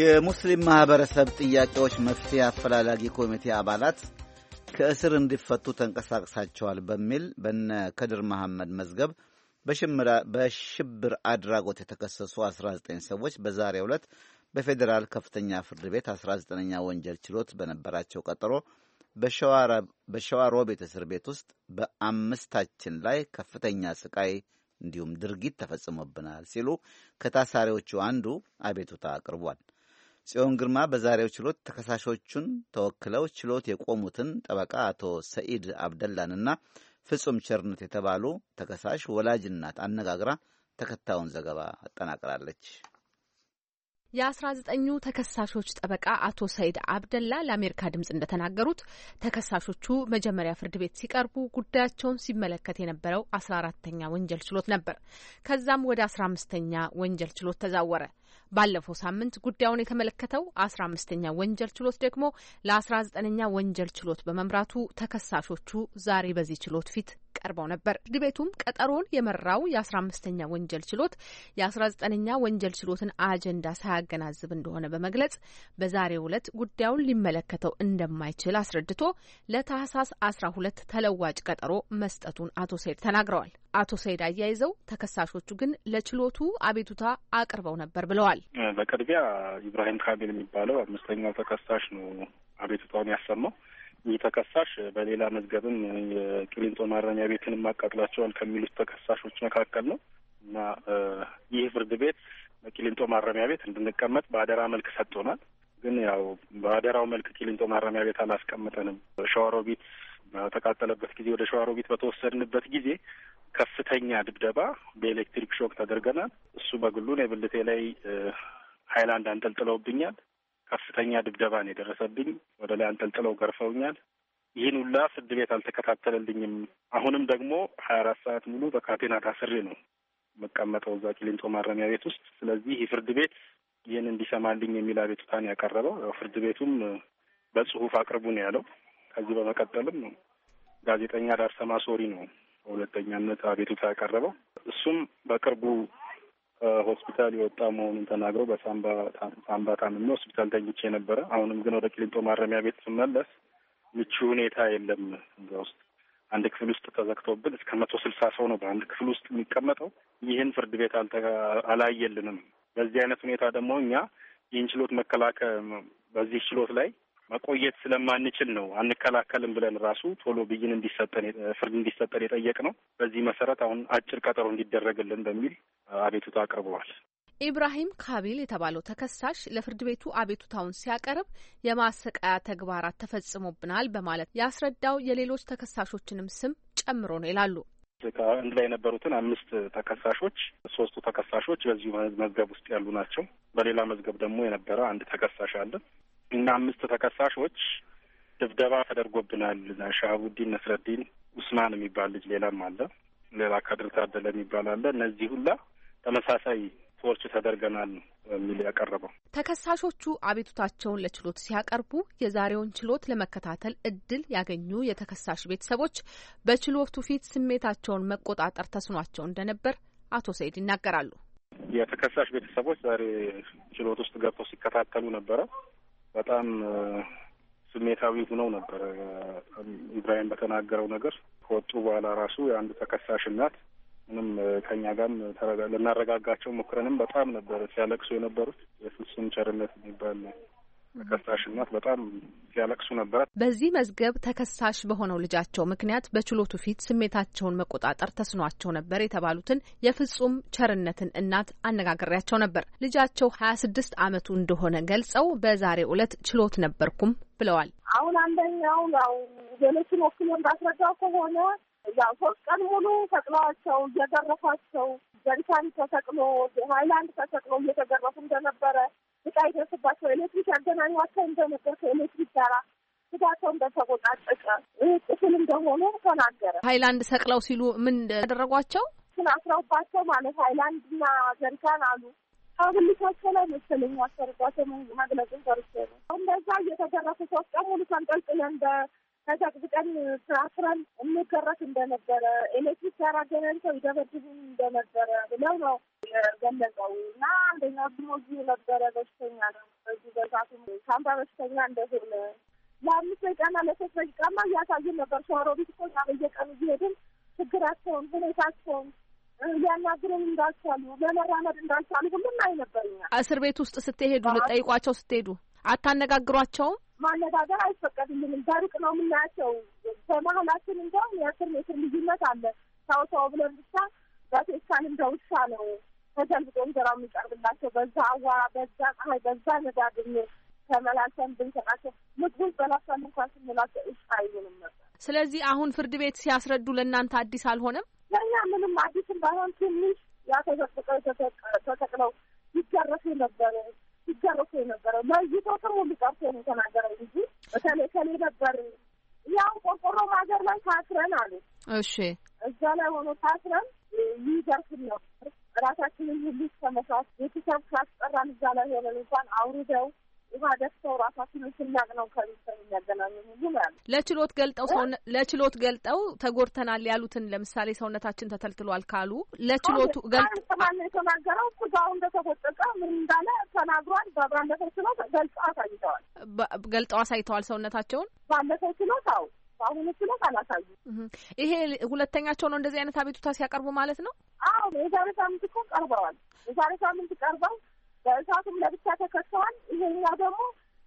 የሙስሊም ማህበረሰብ ጥያቄዎች መፍትሄ አፈላላጊ ኮሚቴ አባላት ከእስር እንዲፈቱ ተንቀሳቅሳቸዋል በሚል በነ ከድር መሐመድ መዝገብ በሽብር አድራጎት የተከሰሱ 19 ሰዎች በዛሬው ዕለት በፌዴራል ከፍተኛ ፍርድ ቤት 19ኛ ወንጀል ችሎት በነበራቸው ቀጠሮ በሸዋ ሮቢት እስር ቤት ውስጥ በአምስታችን ላይ ከፍተኛ ስቃይ እንዲሁም ድርጊት ተፈጽሞብናል ሲሉ ከታሳሪዎቹ አንዱ አቤቱታ አቅርቧል። ጽዮን ግርማ በዛሬው ችሎት ተከሳሾቹን ተወክለው ችሎት የቆሙትን ጠበቃ አቶ ሰኢድ አብደላንና ፍጹም ቸርነት የተባሉ ተከሳሽ ወላጅ እናት አነጋግራ ተከታዩን ዘገባ አጠናቅራለች። የአስራ ዘጠኙ ተከሳሾች ጠበቃ አቶ ሰይድ አብደላ ለአሜሪካ ድምጽ እንደተናገሩት ተከሳሾቹ መጀመሪያ ፍርድ ቤት ሲቀርቡ ጉዳያቸውን ሲመለከት የነበረው አስራ አራተኛ ወንጀል ችሎት ነበር። ከዛም ወደ አስራ አምስተኛ ወንጀል ችሎት ተዛወረ። ባለፈው ሳምንት ጉዳዩን የተመለከተው አስራ አምስተኛ ወንጀል ችሎት ደግሞ ለአስራ ዘጠነኛ ወንጀል ችሎት በመምራቱ ተከሳሾቹ ዛሬ በዚህ ችሎት ፊት ቀርበው ነበር። ፍርድ ቤቱም ቀጠሮውን የመራው የአስራ አምስተኛ ወንጀል ችሎት የአስራ ዘጠነኛ ወንጀል ችሎትን አጀንዳ ሳያገናዝብ እንደሆነ በመግለጽ በዛሬው ዕለት ጉዳዩን ሊመለከተው እንደማይችል አስረድቶ ለታህሳስ አስራ ሁለት ተለዋጭ ቀጠሮ መስጠቱን አቶ ሴድ ተናግረዋል። አቶ ሰይድ አያይዘው ተከሳሾቹ ግን ለችሎቱ አቤቱታ አቅርበው ነበር ብለዋል። በቅድሚያ ኢብራሂም ካሚል የሚባለው አምስተኛው ተከሳሽ ነው አቤቱታውን ያሰማው። ይህ ተከሳሽ በሌላ መዝገብም የቅሊንጦ ማረሚያ ቤትን ማቃጥላቸዋል ከሚሉት ተከሳሾች መካከል ነው እና ይህ ፍርድ ቤት በቅሊንጦ ማረሚያ ቤት እንድንቀመጥ በአደራ መልክ ሰጥቶናል። ግን ያው በአደራው መልክ ቅሊንጦ ማረሚያ ቤት አላስቀምጠንም። ሸዋሮቢት በተቃጠለበት ጊዜ ወደ ሸዋሮቢት በተወሰድንበት ጊዜ ከፍተኛ ድብደባ በኤሌክትሪክ ሾክ ተደርገናል። እሱ በግሉ ነው ብልቴ ላይ ሀይላንድ አንጠልጥለውብኛል። ከፍተኛ ድብደባ ነው የደረሰብኝ። ወደ ላይ አንጠልጥለው ገርፈውኛል። ይህን ሁላ ፍርድ ቤት አልተከታተለልኝም። አሁንም ደግሞ ሀያ አራት ሰዓት ሙሉ በካቴና ታስሬ ነው መቀመጠው እዛ ቂሊንጦ ማረሚያ ቤት ውስጥ። ስለዚህ ፍርድ ቤት ይህን እንዲሰማልኝ የሚል አቤቱታን ያቀረበው ፍርድ ቤቱም በጽሁፍ አቅርቡ ነው ያለው። ከዚህ በመቀጠልም ጋዜጠኛ ዳርሰማ ሶሪ ነው በሁለተኛነት አቤቱታ ያቀረበው እሱም በቅርቡ ሆስፒታል የወጣ መሆኑን ተናግረው በሳምባ ሳምባ ታምሜ ሆስፒታል ተኝቼ ነበረ። አሁንም ግን ወደ ቂሊንጦ ማረሚያ ቤት ስመለስ ምቹ ሁኔታ የለም። እዛ ውስጥ አንድ ክፍል ውስጥ ተዘግቶብን እስከ መቶ ስልሳ ሰው ነው በአንድ ክፍል ውስጥ የሚቀመጠው። ይህን ፍርድ ቤት አላየልንም። በዚህ አይነት ሁኔታ ደግሞ እኛ ይህን ችሎት መከላከል በዚህ ችሎት ላይ መቆየት ስለማንችል ነው አንከላከልም ብለን ራሱ ቶሎ ብይን እንዲሰጠን ፍርድ እንዲሰጠን የጠየቅ ነው። በዚህ መሰረት አሁን አጭር ቀጠሮ እንዲደረግልን በሚል አቤቱታ አቅርበዋል። ኢብራሂም ካቢል የተባለው ተከሳሽ ለፍርድ ቤቱ አቤቱታውን ሲያቀርብ የማሰቃያ ተግባራት ተፈጽሞብናል በማለት ያስረዳው የሌሎች ተከሳሾችንም ስም ጨምሮ ነው ይላሉ። አንድ ላይ የነበሩትን አምስት ተከሳሾች ሶስቱ ተከሳሾች በዚሁ መዝገብ ውስጥ ያሉ ናቸው። በሌላ መዝገብ ደግሞ የነበረ አንድ ተከሳሽ አለ። እና አምስት ተከሳሾች ድብደባ ተደርጎብናል። ሻሃቡዲን ነስረዲን፣ ኡስማን የሚባል ልጅ ሌላም አለ። ሌላ ከድር ታደለ የሚባል አለ። እነዚህ ሁላ ተመሳሳይ ሰዎች ተደርገናል የሚል ያቀረበው ተከሳሾቹ አቤቱታቸውን ለችሎት ሲያቀርቡ የዛሬውን ችሎት ለመከታተል እድል ያገኙ የተከሳሽ ቤተሰቦች በችሎቱ ፊት ስሜታቸውን መቆጣጠር ተስኗቸው እንደነበር አቶ ሰይድ ይናገራሉ። የተከሳሽ ቤተሰቦች ዛሬ ችሎት ውስጥ ገብተው ሲከታተሉ ነበረ። በጣም ስሜታዊ ሁነው ነበረ። ኢብራሂም በተናገረው ነገር ከወጡ በኋላ ራሱ የአንድ ተከሳሽ እናት ምንም ከኛ ጋር ልናረጋጋቸው ሞክረንም በጣም ነበር ሲያለቅሱ የነበሩት። የፍጹም ቸርነት የሚባል ተከሳሽ እናት በጣም ሲያለቅሱ ነበረ። በዚህ መዝገብ ተከሳሽ በሆነው ልጃቸው ምክንያት በችሎቱ ፊት ስሜታቸውን መቆጣጠር ተስኗቸው ነበር የተባሉትን የፍጹም ቸርነትን እናት አነጋግሬያቸው ነበር። ልጃቸው ሀያ ስድስት ዓመቱ እንደሆነ ገልጸው በዛሬ ዕለት ችሎት ነበርኩም ብለዋል። አሁን አንደኛው ያው ሌሎችን ወክሎ እንዳስረዳው ከሆነ ያው ሶስት ቀን ሙሉ ሰቅለዋቸው እየገረፏቸው ጀሪካን ተሰቅሎ ሀይላንድ ተሰቅሎ እየተገረፉ እንደነበረ እቃ ይደርስባቸው ኤሌክትሪክ ያገናኟቸውን እንደነበር ከኤሌክትሪክ ጋራ ስጋቸው በተቆጣጠቀ ጥፍል እንደሆኑ ተናገረ። ሀይላንድ ሰቅለው ሲሉ ምን ያደረጓቸው ስን አስረውባቸው ማለት ሀይላንድ ሀይላንድና ጀሪካን አሉ ከብልታቸው ላይ መሰለኝ አሰርጓቸው መግለጽን ደርሶ ነው እንደዛ እየተደረሱ ሶስት ቀን ሙሉ ተንጠልጥለን በ ተዘቅዝቀን ፍራፍራን እንገረፍ እንደነበረ ኤሌክትሪክ ያራገነን ሰው ይደበድቡን እንደነበረ ብለው ነው ገለጸው እና አንደኛ ደግሞ እዚሁ ነበረ በሽተኛ ነው። በዚህ በዛቱ ሳምባ በሽተኛ እንደሆነ ለአምስት ደቂቃና ለሶስት ደቂቃማ እያሳየን ነበር። ሸዋሮቢት እኮ በየቀኑ እየሄድን ችግራቸውን፣ ሁኔታቸውን ሊያናግሩን እንዳልቻሉ፣ ለመራመድ እንዳልቻሉ ሁሉም አይነበርኛ። እስር ቤት ውስጥ ስትሄዱ ልጠይቋቸው ስትሄዱ አታነጋግሯቸውም? ማነጋገር አይፈቀድልንም። በሩቅ ነው የምናያቸው። በመሀላችን እንደውም የአስር ሜትር ልዩነት አለ። ሰው ሰው ብለን ብቻ በፌስታል እንደ ውሻ ነው ተገልብጦ እንጀራ የሚቀርብላቸው። በዛ አዋራ፣ በዛ ፀሐይ፣ በዛ ነዳግም ተመላልሰን ብንሰጣቸው ምግቡን በላሳን እንኳን ስንላቸው እሺ አይሉንም ነበር። ስለዚህ አሁን ፍርድ ቤት ሲያስረዱ ለእናንተ አዲስ አልሆነም። ለእኛ ምንም አዲስም ባይሆን ትንሽ ያ ተዘቅጥቀው ተተቅለው ይገረፉ ነበር ሲገረሱ የነበረው ሰው ጥሩ ሊቀርቶ ነው የተናገረው እንጂ በተለይ ከሌ ነበር ያው ቆርቆሮ ማገር ላይ ታስረን አሉ። እሺ እዛ ላይ ሆኖ ታስረን ይዘርፍን ነው ራሳችንን ሁሉ እስከ ቤተሰብ ካስጠራን እዛ ላይ ሆነን እንኳን አውርደው ውሃ ደፍተው ራሳችን ስናቅ ነው ከቤተሰብ የሚያገናኙ ሁሉ ያሉ ለችሎት ገልጠው ሰውነ ለችሎት ገልጠው ተጎድተናል ያሉትን ለምሳሌ ሰውነታችን ተተልትሏል ካሉ ለችሎቱ ገልጠማን የተናገረው ስጋው እንደተቆጠቀ ምን እንዳለ ተናግሯል። ባለፈው ችሎት ገልጠው አሳይተዋል። ገልጠው አሳይተዋል ሰውነታቸውን ባለፈው ችሎት አው በአሁኑ ችሎት አላሳዩ። ይሄ ሁለተኛቸው ነው እንደዚህ አይነት አቤቱታ ሲያቀርቡ ማለት ነው። አዎ የዛሬ ሳምንት እኮ ቀርበዋል። የዛሬ ሳምንት ቀርበው በእሳቱም ለብቻ ተከሰዋል። ይሄኛው ደግሞ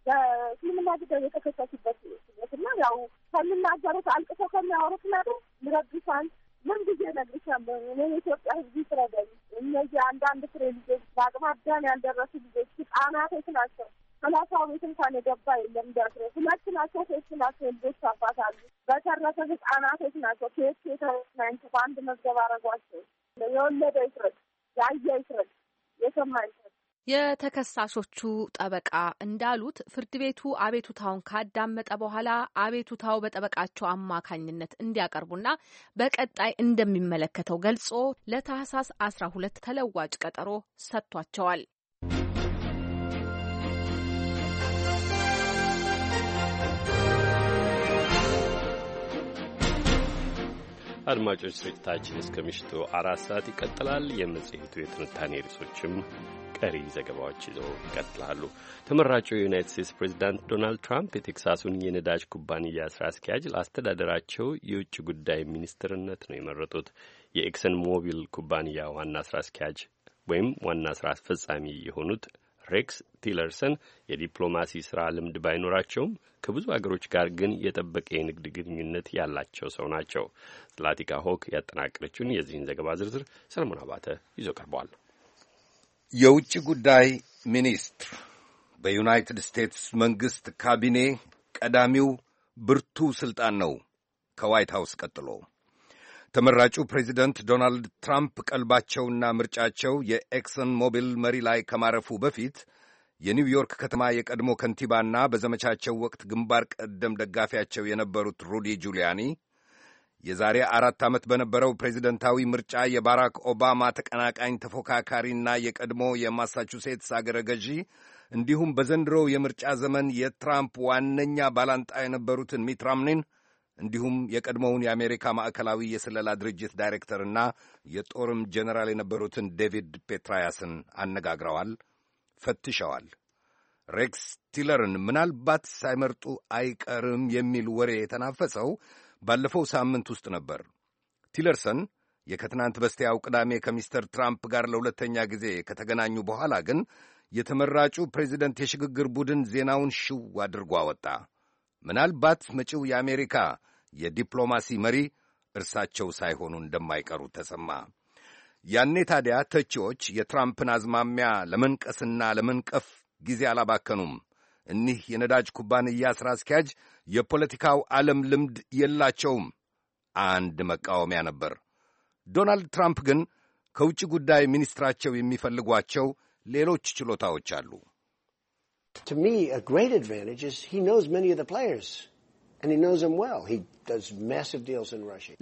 በእስልምና ጉዳይ የተከሰሱበት ስነትና ያው ከሚናገሩት አልቅሶ ከሚያወሩት ነገር ይረግሳል። ምን ጊዜ እነግርሻለሁ እኔ የኢትዮጵያ ሕዝብ ይፍረደኝ። እነዚህ አንዳንድ ፍሬ ልጆች በአቅመ አዳም ያልደረሱ ልጆች ሕጻናቶች ናቸው። ሰላሳ ቤት እንኳን የገባ የለም ደፍሮ ሁለት ናቸው ሶስት ናቸው ልጆች አባት አሉ። በተረፈ ሕጻናቶች ናቸው። ከየት የተናይንቱ በአንድ መዝገብ አረጓቸው። የወለደ ይፍረድ፣ ያየ ይፍረድ፣ የሰማ ይፍረድ። የተከሳሾቹ ጠበቃ እንዳሉት ፍርድ ቤቱ አቤቱታውን ካዳመጠ በኋላ አቤቱታው በጠበቃቸው አማካኝነት እንዲያቀርቡና በቀጣይ እንደሚመለከተው ገልጾ ለታህሳስ 12 ተለዋጭ ቀጠሮ ሰጥቷቸዋል። አድማጮች ስርጭታችን እስከ ምሽቱ አራት ሰዓት ይቀጥላል። የመጽሔቱ የትንታኔ ርዕሶችም ቀሪ ዘገባዎች ይዘው ይቀጥላሉ። ተመራጩ የዩናይትድ ስቴትስ ፕሬዚዳንት ዶናልድ ትራምፕ የቴክሳሱን የነዳጅ ኩባንያ ስራ አስኪያጅ ለአስተዳደራቸው የውጭ ጉዳይ ሚኒስትርነት ነው የመረጡት። የኤክሰን ሞቢል ኩባንያ ዋና ስራ አስኪያጅ ወይም ዋና ስራ አስፈጻሚ የሆኑት ሬክስ ቲለርሰን የዲፕሎማሲ ስራ ልምድ ባይኖራቸውም ከብዙ አገሮች ጋር ግን የጠበቀ የንግድ ግንኙነት ያላቸው ሰው ናቸው። ስላቲካ ሆክ ያጠናቀረችውን የዚህን ዘገባ ዝርዝር ሰለሞን አባተ ይዞ ቀርቧል። የውጭ ጉዳይ ሚኒስትር በዩናይትድ ስቴትስ መንግሥት ካቢኔ ቀዳሚው ብርቱ ሥልጣን ነው ከዋይት ሃውስ ቀጥሎ ተመራጩ ፕሬዚደንት ዶናልድ ትራምፕ ቀልባቸውና ምርጫቸው የኤክሰን ሞቢል መሪ ላይ ከማረፉ በፊት የኒውዮርክ ከተማ የቀድሞ ከንቲባና በዘመቻቸው ወቅት ግንባር ቀደም ደጋፊያቸው የነበሩት ሩዲ ጁሊያኒ የዛሬ አራት ዓመት በነበረው ፕሬዚደንታዊ ምርጫ የባራክ ኦባማ ተቀናቃኝ ተፎካካሪና የቀድሞ የማሳቹሴትስ አገረ ገዢ እንዲሁም በዘንድሮው የምርጫ ዘመን የትራምፕ ዋነኛ ባላንጣ የነበሩትን ሚትራምኒን እንዲሁም የቀድሞውን የአሜሪካ ማዕከላዊ የስለላ ድርጅት ዳይሬክተርና የጦርም ጀኔራል የነበሩትን ዴቪድ ፔትራያስን አነጋግረዋል፣ ፈትሸዋል። ሬክስ ቲለርን ምናልባት ሳይመርጡ አይቀርም የሚል ወሬ የተናፈሰው ባለፈው ሳምንት ውስጥ ነበር። ቲለርሰን የከትናንት በስቲያው ቅዳሜ ከሚስተር ትራምፕ ጋር ለሁለተኛ ጊዜ ከተገናኙ በኋላ ግን የተመራጩ ፕሬዚደንት የሽግግር ቡድን ዜናውን ሽው አድርጎ አወጣ። ምናልባት መጪው የአሜሪካ የዲፕሎማሲ መሪ እርሳቸው ሳይሆኑ እንደማይቀሩ ተሰማ። ያኔ ታዲያ ተቺዎች የትራምፕን አዝማሚያ ለመንቀስና ለመንቀፍ ጊዜ አላባከኑም። እኒህ የነዳጅ ኩባንያ ሥራ አስኪያጅ የፖለቲካው ዓለም ልምድ የላቸውም። አንድ መቃወሚያ ነበር። ዶናልድ ትራምፕ ግን ከውጭ ጉዳይ ሚኒስትራቸው የሚፈልጓቸው ሌሎች ችሎታዎች አሉ።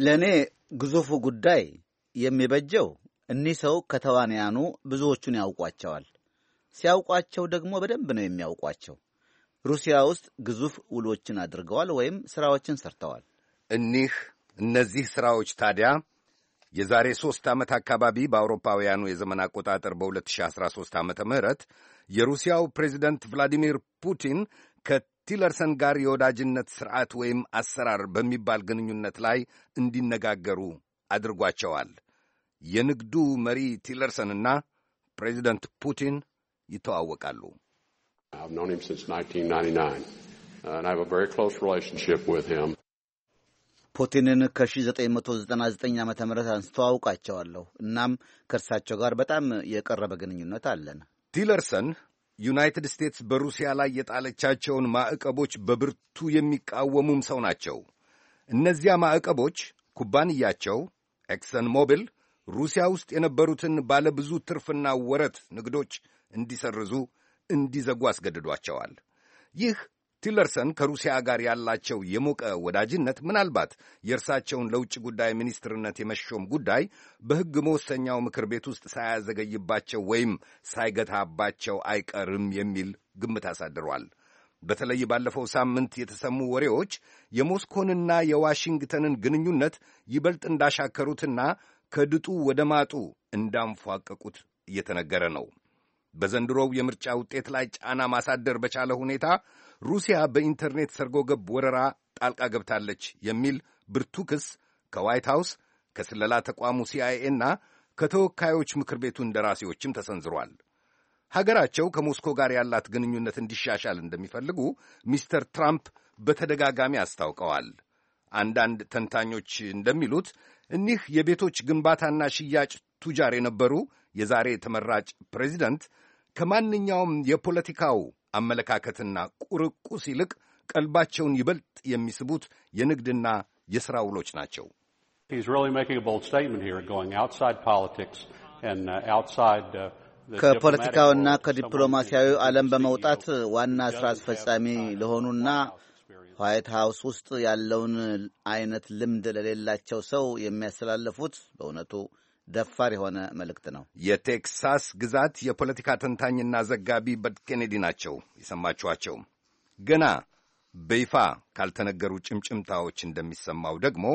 ለእኔ ግዙፉ ጉዳይ የሚበጀው እኒህ ሰው ከተዋንያኑ ብዙዎቹን ያውቋቸዋል። ሲያውቋቸው ደግሞ በደንብ ነው የሚያውቋቸው። ሩሲያ ውስጥ ግዙፍ ውሎችን አድርገዋል ወይም ሥራዎችን ሰርተዋል። እኒህ እነዚህ ሥራዎች ታዲያ የዛሬ ሦስት ዓመት አካባቢ በአውሮፓውያኑ የዘመን አቆጣጠር በ2013 ዓ ም የሩሲያው ፕሬዚደንት ቭላዲሚር ፑቲን ከ ቲለርሰን ጋር የወዳጅነት ሥርዓት ወይም አሰራር በሚባል ግንኙነት ላይ እንዲነጋገሩ አድርጓቸዋል። የንግዱ መሪ ቲለርሰንና ፕሬዚደንት ፑቲን ይተዋወቃሉ። ፑቲንን ከ1999 ዓ ም አንስቶ አውቃቸዋለሁ። እናም ከእርሳቸው ጋር በጣም የቀረበ ግንኙነት አለን። ቲለርሰን ዩናይትድ ስቴትስ በሩሲያ ላይ የጣለቻቸውን ማዕቀቦች በብርቱ የሚቃወሙም ሰው ናቸው። እነዚያ ማዕቀቦች ኩባንያቸው ኤክሰን ሞቢል ሩሲያ ውስጥ የነበሩትን ባለብዙ ትርፍና ወረት ንግዶች እንዲሰርዙ፣ እንዲዘጉ አስገድዷቸዋል። ይህ ቲለርሰን ከሩሲያ ጋር ያላቸው የሞቀ ወዳጅነት ምናልባት የእርሳቸውን ለውጭ ጉዳይ ሚኒስትርነት የመሾም ጉዳይ በሕግ መወሰኛው ምክር ቤት ውስጥ ሳያዘገይባቸው ወይም ሳይገታባቸው አይቀርም የሚል ግምት አሳድሯል። በተለይ ባለፈው ሳምንት የተሰሙ ወሬዎች የሞስኮንና የዋሽንግተንን ግንኙነት ይበልጥ እንዳሻከሩትና ከድጡ ወደ ማጡ እንዳንፏቀቁት እየተነገረ ነው። በዘንድሮው የምርጫ ውጤት ላይ ጫና ማሳደር በቻለ ሁኔታ ሩሲያ በኢንተርኔት ሰርጎ ገብ ወረራ ጣልቃ ገብታለች የሚል ብርቱ ክስ ከዋይት ሃውስ ከስለላ ተቋሙ እና ከተወካዮች ምክር ቤቱ እንደራሴዎችም ተሰንዝሯል። ሀገራቸው ከሞስኮ ጋር ያላት ግንኙነት እንዲሻሻል እንደሚፈልጉ ሚስተር ትራምፕ በተደጋጋሚ አስታውቀዋል። አንዳንድ ተንታኞች እንደሚሉት እኒህ የቤቶች ግንባታና ሽያጭ ቱጃር የነበሩ የዛሬ ተመራጭ ፕሬዚደንት ከማንኛውም የፖለቲካው አመለካከትና ቁርቁስ ይልቅ ቀልባቸውን ይበልጥ የሚስቡት የንግድና የሥራ ውሎች ናቸው። uh, uh, ከፖለቲካውና ከዲፕሎማሲያዊ ዓለም በመውጣት e ዋና ሥራ አስፈጻሚ ለሆኑና ዋይት ሃውስ ውስጥ ያለውን አይነት ልምድ ለሌላቸው ሰው የሚያስተላልፉት በእውነቱ ደፋር የሆነ መልእክት ነው። የቴክሳስ ግዛት የፖለቲካ ተንታኝና ዘጋቢ በድ ኬኔዲ ናቸው የሰማችኋቸው። ገና በይፋ ካልተነገሩ ጭምጭምታዎች እንደሚሰማው ደግሞ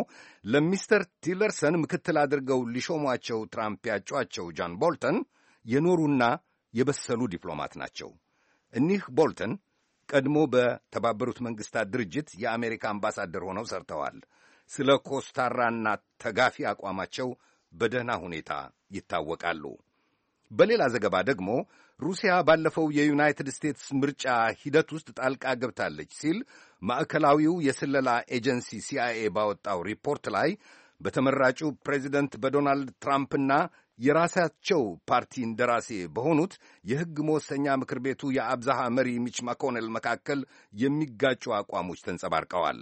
ለሚስተር ቲለርሰን ምክትል አድርገው ሊሾሟቸው ትራምፕ ያጯቸው ጃን ቦልተን የኖሩና የበሰሉ ዲፕሎማት ናቸው። እኒህ ቦልተን ቀድሞ በተባበሩት መንግሥታት ድርጅት የአሜሪካ አምባሳደር ሆነው ሰርተዋል። ስለ ኮስታራና ተጋፊ አቋማቸው በደህና ሁኔታ ይታወቃሉ። በሌላ ዘገባ ደግሞ ሩሲያ ባለፈው የዩናይትድ ስቴትስ ምርጫ ሂደት ውስጥ ጣልቃ ገብታለች ሲል ማዕከላዊው የስለላ ኤጀንሲ ሲአይኤ ባወጣው ሪፖርት ላይ በተመራጩ ፕሬዚደንት በዶናልድ ትራምፕና የራሳቸው ፓርቲ እንደራሴ በሆኑት የሕግ መወሰኛ ምክር ቤቱ የአብዛሃ መሪ ሚች ማኮነል መካከል የሚጋጩ አቋሞች ተንጸባርቀዋል።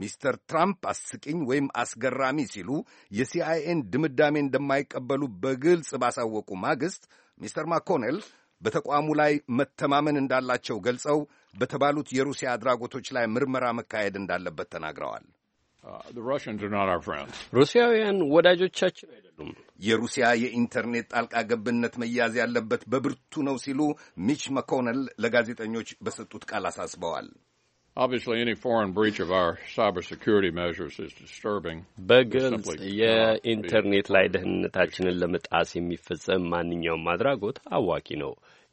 ሚስተር ትራምፕ አስቂኝ ወይም አስገራሚ ሲሉ የሲአይኤን ድምዳሜ እንደማይቀበሉ በግልጽ ባሳወቁ ማግስት ሚስተር ማኮኔል በተቋሙ ላይ መተማመን እንዳላቸው ገልጸው በተባሉት የሩሲያ አድራጎቶች ላይ ምርመራ መካሄድ እንዳለበት ተናግረዋል። uh, ሩሲያውያን ወዳጆቻችን አይደሉም። የሩሲያ የኢንተርኔት ጣልቃ ገብነት መያዝ ያለበት በብርቱ ነው ሲሉ ሚች መኮነል ለጋዜጠኞች በሰጡት ቃል አሳስበዋል። Obviously, any foreign breach of our cybersecurity measures is disturbing. በግልጽ የኢንተርኔት ላይ ደህንነታችንን ለመጣስ የሚፈጸም ማንኛውም አድራጎት አዋኪ ነው።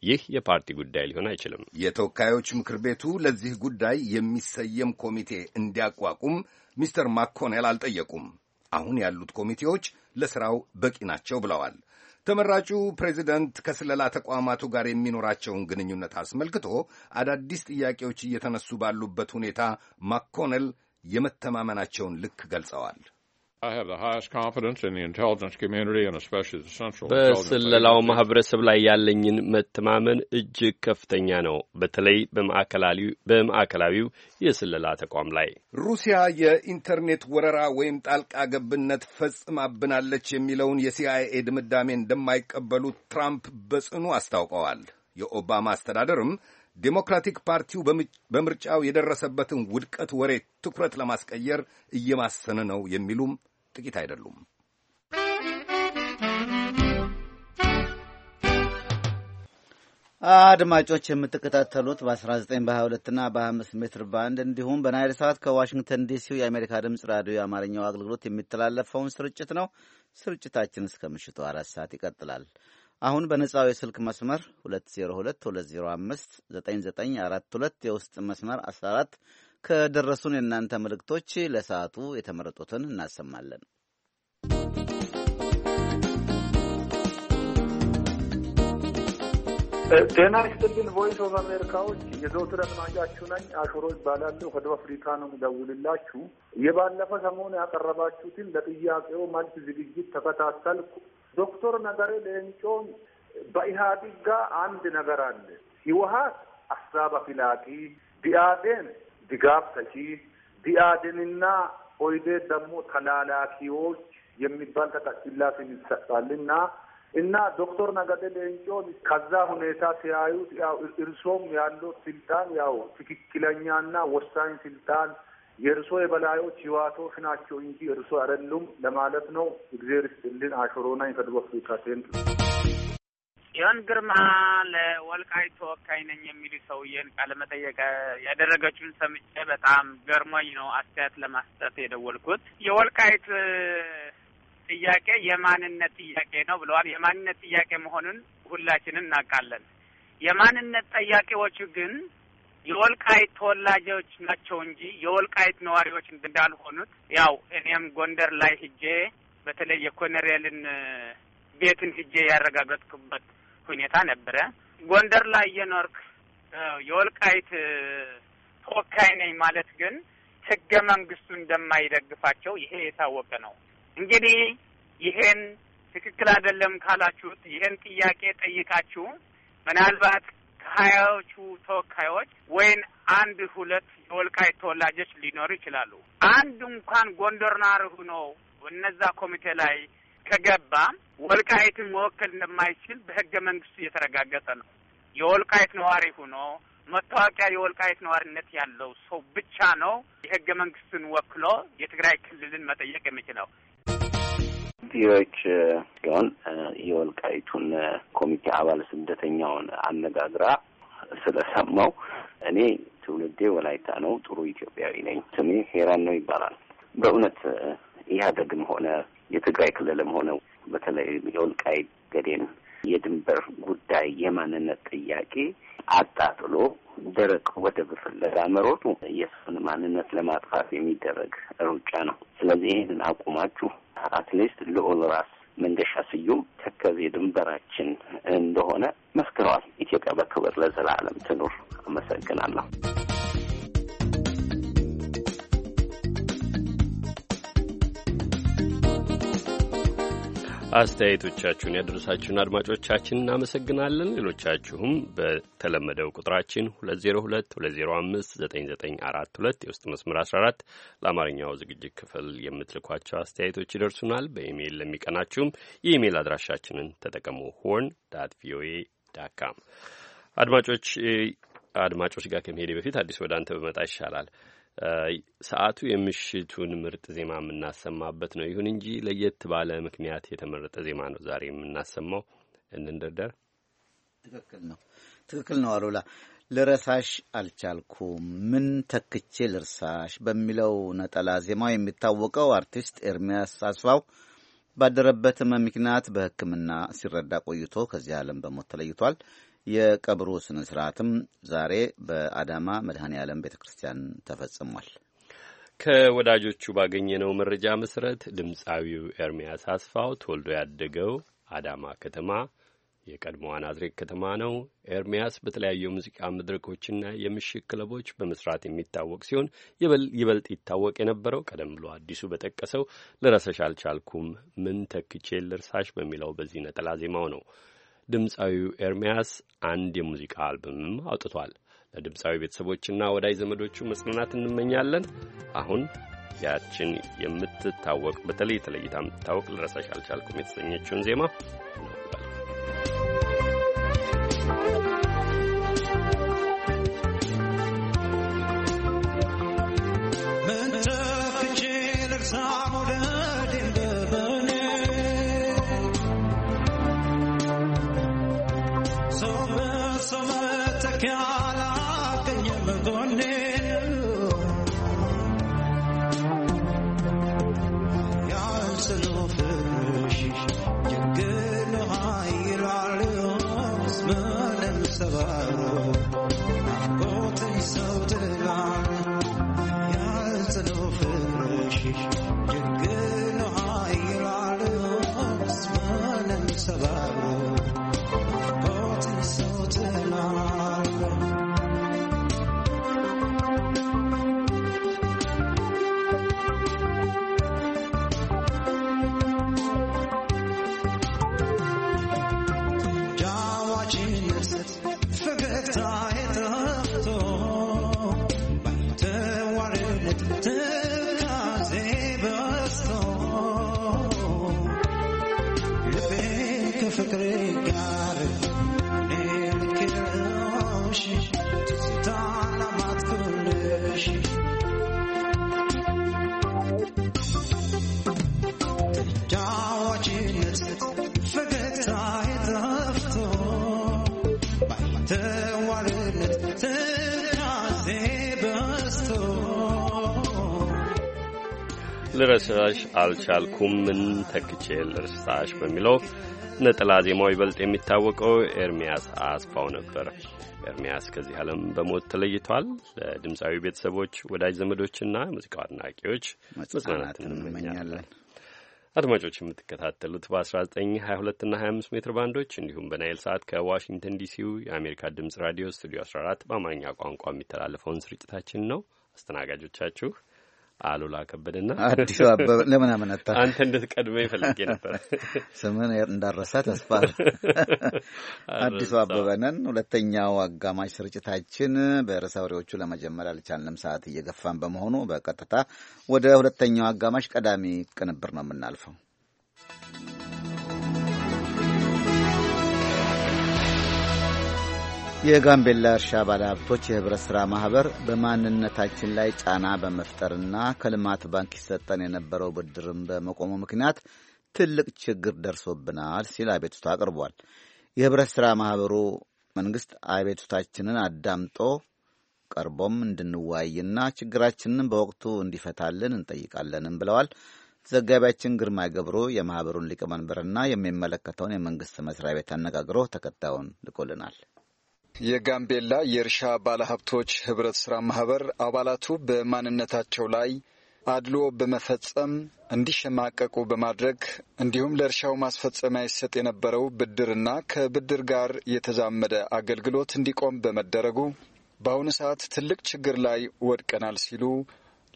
ይህ የፓርቲ ጉዳይ ሊሆን አይችልም። የተወካዮች ምክር ቤቱ ለዚህ ጉዳይ የሚሰየም ኮሚቴ እንዲያቋቁም ሚስተር ማኮኔል አልጠየቁም። አሁን ያሉት ኮሚቴዎች ለሥራው በቂ ናቸው ብለዋል። ተመራጩ ፕሬዚደንት ከስለላ ተቋማቱ ጋር የሚኖራቸውን ግንኙነት አስመልክቶ አዳዲስ ጥያቄዎች እየተነሱ ባሉበት ሁኔታ ማኮነል የመተማመናቸውን ልክ ገልጸዋል። በስለላው ማህበረሰብ ላይ ያለኝን መተማመን እጅግ ከፍተኛ ነው፣ በተለይ በማዕከላዊው የስለላ ተቋም ላይ። ሩሲያ የኢንተርኔት ወረራ ወይም ጣልቃ ገብነት ፈጽማብናለች የሚለውን የሲአይኤ ድምዳሜ እንደማይቀበሉ ትራምፕ በጽኑ አስታውቀዋል። የኦባማ አስተዳደርም ዴሞክራቲክ ፓርቲው በምርጫው የደረሰበትን ውድቀት ወሬ ትኩረት ለማስቀየር እየማሰነ ነው የሚሉም ጥቂት አይደሉም። አድማጮች የምትከታተሉት በ19 በ22ና በ25 ሜትር ባንድ እንዲሁም በናይል ሰዓት ከዋሽንግተን ዲሲው የአሜሪካ ድምፅ ራዲዮ የአማርኛው አገልግሎት የሚተላለፈውን ስርጭት ነው። ስርጭታችን እስከ ምሽቱ አራት ሰዓት ይቀጥላል። አሁን በነጻው የስልክ መስመር 2022059942 የውስጥ መስመር 14 ከደረሱን የእናንተ መልእክቶች ለሰዓቱ የተመረጡትን እናሰማለን። ጤና ይስጥልን። ቮይስ ኦፍ አሜሪካዎች የዘውትር አድማጫችሁ ነኝ። አሽሮ ይባላለሁ። ከደቡብ አፍሪካ ነው የምደውልላችሁ። የባለፈ ሰሞን ያቀረባችሁትን ለጥያቄው መልስ ዝግጅት ተከታተልኩ። ዶክተር ነገሬ ሌንጮን በኢህአዲግ ጋር አንድ ነገር አለ። ህወሀት አሳብ አፍላቂ፣ ብአዴን ድጋፍ ሰጪ ቢአድንና ኦይዴ ደግሞ ተላላኪዎች የሚባል ተቀጽላት ይሰጣልና እና ዶክተር ነገደ ሌንጮን ከዛ ሁኔታ ሲያዩት ያው እርሶም ያለው ስልጣን ያው ትክክለኛና ወሳኝ ስልጣን የእርሶ የበላዮች ህዋቶች ናቸው እንጂ እርሶ አይደሉም ለማለት ነው። እግዜር ይስጥልን። አሽሮና የፈድሮ አፍሪካ ሴንት ጽዮን ግርማ ለወልቃይት ተወካይ ነኝ የሚሉ ሰውዬን ቃለ መጠየቅ ያደረገችውን ሰምቼ በጣም ገርሞኝ ነው አስተያየት ለማስጠት የደወልኩት። የወልቃይት ጥያቄ የማንነት ጥያቄ ነው ብለዋል። የማንነት ጥያቄ መሆኑን ሁላችንን እናውቃለን። የማንነት ጠያቄዎቹ ግን የወልቃይት ተወላጆች ናቸው እንጂ የወልቃይት ነዋሪዎች እንዳልሆኑት ያው እኔም ጎንደር ላይ ሂጄ በተለይ የኮነሬልን ቤትን ሂጄ ያረጋገጥኩበት ሁኔታ ነበረ። ጎንደር ላይ የኖርክ የወልቃይት ተወካይ ነኝ ማለት ግን ህገ መንግስቱ እንደማይደግፋቸው ይሄ የታወቀ ነው። እንግዲህ ይሄን ትክክል አይደለም ካላችሁት ይሄን ጥያቄ ጠይቃችሁ ምናልባት ከሀያዎቹ ተወካዮች ወይን አንድ ሁለት የወልቃይት ተወላጆች ሊኖሩ ይችላሉ። አንድ እንኳን ጎንደር ናር ነው እነዛ ኮሚቴ ላይ ከገባ ወልቃይትን መወከል እንደማይችል በህገ መንግስቱ እየተረጋገጠ ነው። የወልቃይት ነዋሪ ሆኖ መታወቂያ የወልቃይት ነዋሪነት ያለው ሰው ብቻ ነው የህገ መንግስትን ወክሎ የትግራይ ክልልን መጠየቅ የሚችለው። ቪዲዮዎች ሲሆን የወልቃይቱን ኮሚቴ አባል ስደተኛውን አነጋግራ ስለሰማው እኔ ትውልዴ ወላይታ ነው፣ ጥሩ ኢትዮጵያዊ ነኝ፣ ስሜ ሄራን ነው ይባላል። በእውነት ኢህአዴግም ሆነ የትግራይ ክልልም ሆነው በተለይ የወልቃይት ገዴን የድንበር ጉዳይ የማንነት ጥያቄ አጣጥሎ ደረቅ ወደብ ፍለጋ መሮጡ የእሱን ማንነት ለማጥፋት የሚደረግ ሩጫ ነው። ስለዚህ ይህንን አቁማችሁ አትሊስት ልዑል ራስ መንገሻ ስዩም ተከዜ ድንበራችን እንደሆነ መስክረዋል። ኢትዮጵያ በክብር ለዘላለም ትኑር። አመሰግናለሁ። አስተያየቶቻችሁን ያደረሳችሁን አድማጮቻችን እናመሰግናለን። ሌሎቻችሁም በተለመደው ቁጥራችን 2022059942 የውስጥ መስመር 14 ለአማርኛው ዝግጅት ክፍል የምትልኳቸው አስተያየቶች ይደርሱናል። በኢሜይል ለሚቀናችሁም የኢሜይል አድራሻችንን ተጠቀሙ። ሆርን ዳት ቪኦኤ ዳት ካም። አድማጮች አድማጮች ጋር ከመሄድ በፊት አዲስ ወደ አንተ በመጣ ይሻላል። ሰዓቱ የምሽቱን ምርጥ ዜማ የምናሰማበት ነው። ይሁን እንጂ ለየት ባለ ምክንያት የተመረጠ ዜማ ነው ዛሬ የምናሰማው። እንንደርደር። ትክክል ነው፣ ትክክል ነው አሉላ። ልረሳሽ አልቻልኩም ምን ተክቼ ልርሳሽ በሚለው ነጠላ ዜማው የሚታወቀው አርቲስት ኤርሚያስ አስፋው ባደረበት ሕመም ምክንያት በሕክምና ሲረዳ ቆይቶ ከዚህ ዓለም በሞት ተለይቷል። የቀብሩ ስነ ስርዓትም ዛሬ በአዳማ መድኃኔ ዓለም ቤተ ክርስቲያን ተፈጽሟል። ከወዳጆቹ ባገኘነው መረጃ መሰረት ድምፃዊው ኤርሚያስ አስፋው ተወልዶ ያደገው አዳማ ከተማ የቀድሞዋ ናዝሬት ከተማ ነው። ኤርሚያስ በተለያዩ የሙዚቃ መድረኮችና የምሽት ክለቦች በመስራት የሚታወቅ ሲሆን ይበልጥ ይታወቅ የነበረው ቀደም ብሎ አዲሱ በጠቀሰው ልረሳሽ አልቻልኩም ምን ተክቼ ልርሳሽ በሚለው በዚህ ነጠላ ዜማው ነው። ድምፃዊው ኤርሚያስ አንድ የሙዚቃ አልበምም አውጥቷል። ለድምፃዊ ቤተሰቦችና ወዳጅ ዘመዶቹ መጽናናት እንመኛለን። አሁን ያችን የምትታወቅ በተለይ የተለይታ የምትታወቅ ልረሳሽ አልቻልኩም የተሰኘችውን ዜማ ነው ልረሳሽ አልቻልኩም ምን ተክቼ ልርሳሽ በሚለው ነጠላ ዜማው ይበልጥ የሚታወቀው ኤርሚያስ አስፋው ነበር። ኤርሚያስ ከዚህ ዓለም በሞት ተለይቷል። ለድምፃዊ ቤተሰቦች፣ ወዳጅ ዘመዶችና ሙዚቃ አድናቂዎች መጽናናት እንመኛለን። አድማጮች የምትከታተሉት በ1922 እና 25 ሜትር ባንዶች እንዲሁም በናይል ሰዓት ከዋሽንግተን ዲሲው የአሜሪካ ድምፅ ራዲዮ ስቱዲዮ 14 በአማርኛ ቋንቋ የሚተላለፈውን ስርጭታችን ነው። አስተናጋጆቻችሁ አሉላ ከበደና አዲሱ አበበ ለምን አመነታ? አንተ እንድትቀድመ ይፈልጌ ነበር። ስምን እንዳረሳ ተስፋ አዲሱ አበበነን። ሁለተኛው አጋማሽ ስርጭታችን በርዕሰ ወሬዎቹ ለመጀመር አልቻልንም፣ ሰዓት እየገፋን በመሆኑ በቀጥታ ወደ ሁለተኛው አጋማሽ ቀዳሚ ቅንብር ነው የምናልፈው። የጋምቤላ እርሻ ባለሀብቶች የህብረት ሥራ ማኅበር በማንነታችን ላይ ጫና በመፍጠርና ከልማት ባንክ ይሰጠን የነበረው ብድርም በመቆሙ ምክንያት ትልቅ ችግር ደርሶብናል ሲል አቤቱታ አቅርቧል። የህብረት ሥራ ማኅበሩ መንግሥት አቤቱታችንን አዳምጦ ቀርቦም እንድንወያይና ችግራችንን በወቅቱ እንዲፈታልን እንጠይቃለንም ብለዋል። ዘጋቢያችን ግርማ ገብሮ የማኅበሩን ሊቀመንበርና የሚመለከተውን የመንግሥት መስሪያ ቤት አነጋግሮ ተከታዩን ልኮልናል። የጋምቤላ የእርሻ ባለሀብቶች ህብረት ስራ ማህበር አባላቱ በማንነታቸው ላይ አድልዎ በመፈጸም እንዲሸማቀቁ በማድረግ እንዲሁም ለእርሻው ማስፈጸሚያ ይሰጥ የነበረው ብድርና ከብድር ጋር የተዛመደ አገልግሎት እንዲቆም በመደረጉ በአሁኑ ሰዓት ትልቅ ችግር ላይ ወድቀናል ሲሉ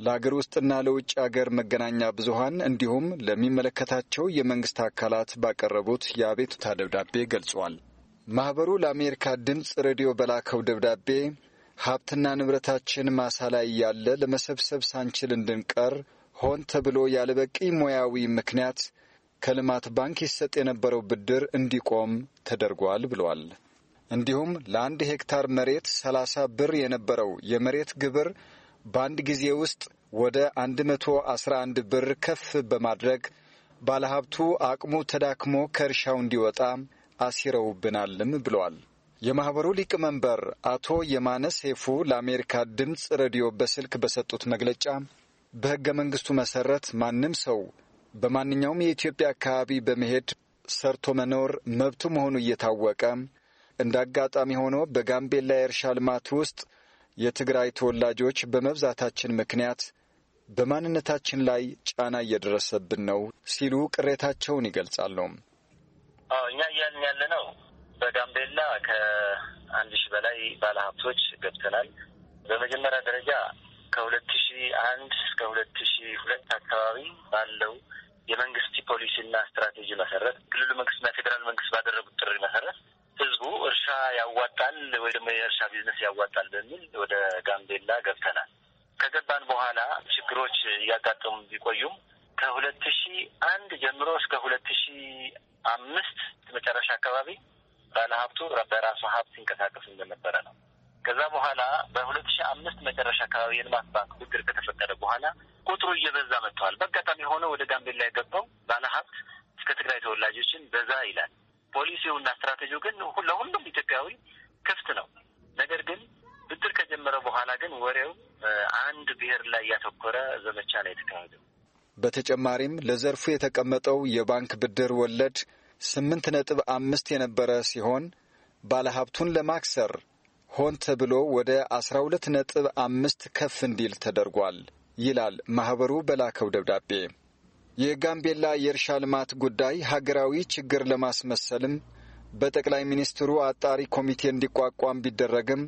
ለአገር ውስጥና ለውጭ አገር መገናኛ ብዙሀን እንዲሁም ለሚመለከታቸው የመንግስት አካላት ባቀረቡት የአቤቱታ ደብዳቤ ገልጿል። ማኅበሩ ለአሜሪካ ድምፅ ሬዲዮ በላከው ደብዳቤ ሀብትና ንብረታችን ማሳ ላይ ያለ ለመሰብሰብ ሳንችል እንድንቀር ሆን ተብሎ ያለበቂ ሙያዊ ምክንያት ከልማት ባንክ ይሰጥ የነበረው ብድር እንዲቆም ተደርጓል ብሏል። እንዲሁም ለአንድ ሄክታር መሬት 30 ብር የነበረው የመሬት ግብር በአንድ ጊዜ ውስጥ ወደ 111 ብር ከፍ በማድረግ ባለሀብቱ አቅሙ ተዳክሞ ከእርሻው እንዲወጣ አሲረውብናልም ብለዋል። የማኅበሩ ሊቀመንበር አቶ የማነ ሴፉ ለአሜሪካ ድምፅ ሬዲዮ በስልክ በሰጡት መግለጫ በሕገ መንግሥቱ መሠረት ማንም ሰው በማንኛውም የኢትዮጵያ አካባቢ በመሄድ ሰርቶ መኖር መብቱ መሆኑ እየታወቀ እንደ አጋጣሚ ሆኖ በጋምቤላ የእርሻ ልማት ውስጥ የትግራይ ተወላጆች በመብዛታችን ምክንያት በማንነታችን ላይ ጫና እየደረሰብን ነው ሲሉ ቅሬታቸውን ይገልጻሉ። እኛ እያልን ያለ ነው። በጋምቤላ ከአንድ ሺህ በላይ ባለሀብቶች ገብተናል። በመጀመሪያ ደረጃ ከሁለት ሺህ አንድ እስከ ሁለት ሺህ ሁለት አካባቢ ባለው የመንግስት ፖሊሲና ስትራቴጂ መሰረት ክልሉ መንግስትና ፌዴራል መንግስት ባደረጉት ጥሪ መሰረት ህዝቡ እርሻ ያዋጣል ወይ ደግሞ የእርሻ ቢዝነስ ያዋጣል በሚል ወደ ጋምቤላ ገብተናል። ከገባን በኋላ ችግሮች እያጋጠሙ ቢቆዩም ከሁለት ሺ አንድ ጀምሮ እስከ ሁለት ሺ አምስት መጨረሻ አካባቢ ባለሀብቱ በራሱ ሀብት ሲንቀሳቀስ እንደነበረ ነው። ከዛ በኋላ በሁለት ሺ አምስት መጨረሻ አካባቢ የልማት ባንክ ብድር ከተፈቀደ በኋላ ቁጥሩ እየበዛ መጥተዋል። በአጋጣሚ ሆነ ወደ ጋምቤላ የገባው ባለሀብት እስከ ትግራይ ተወላጆችን በዛ ይላል። ፖሊሲውና ስትራቴጂው ግን ለሁሉም ኢትዮጵያዊ ክፍት ነው። ነገር ግን ብድር ከጀመረ በኋላ ግን ወሬው አንድ ብሔር ላይ ያተኮረ ዘመቻ ላይ የተካሄደው በተጨማሪም ለዘርፉ የተቀመጠው የባንክ ብድር ወለድ ስምንት ነጥብ አምስት የነበረ ሲሆን ባለሀብቱን ለማክሰር ሆን ተብሎ ወደ አስራ ሁለት ነጥብ አምስት ከፍ እንዲል ተደርጓል ይላል ማኅበሩ በላከው ደብዳቤ። የጋምቤላ የእርሻ ልማት ጉዳይ ሀገራዊ ችግር ለማስመሰልም በጠቅላይ ሚኒስትሩ አጣሪ ኮሚቴ እንዲቋቋም ቢደረግም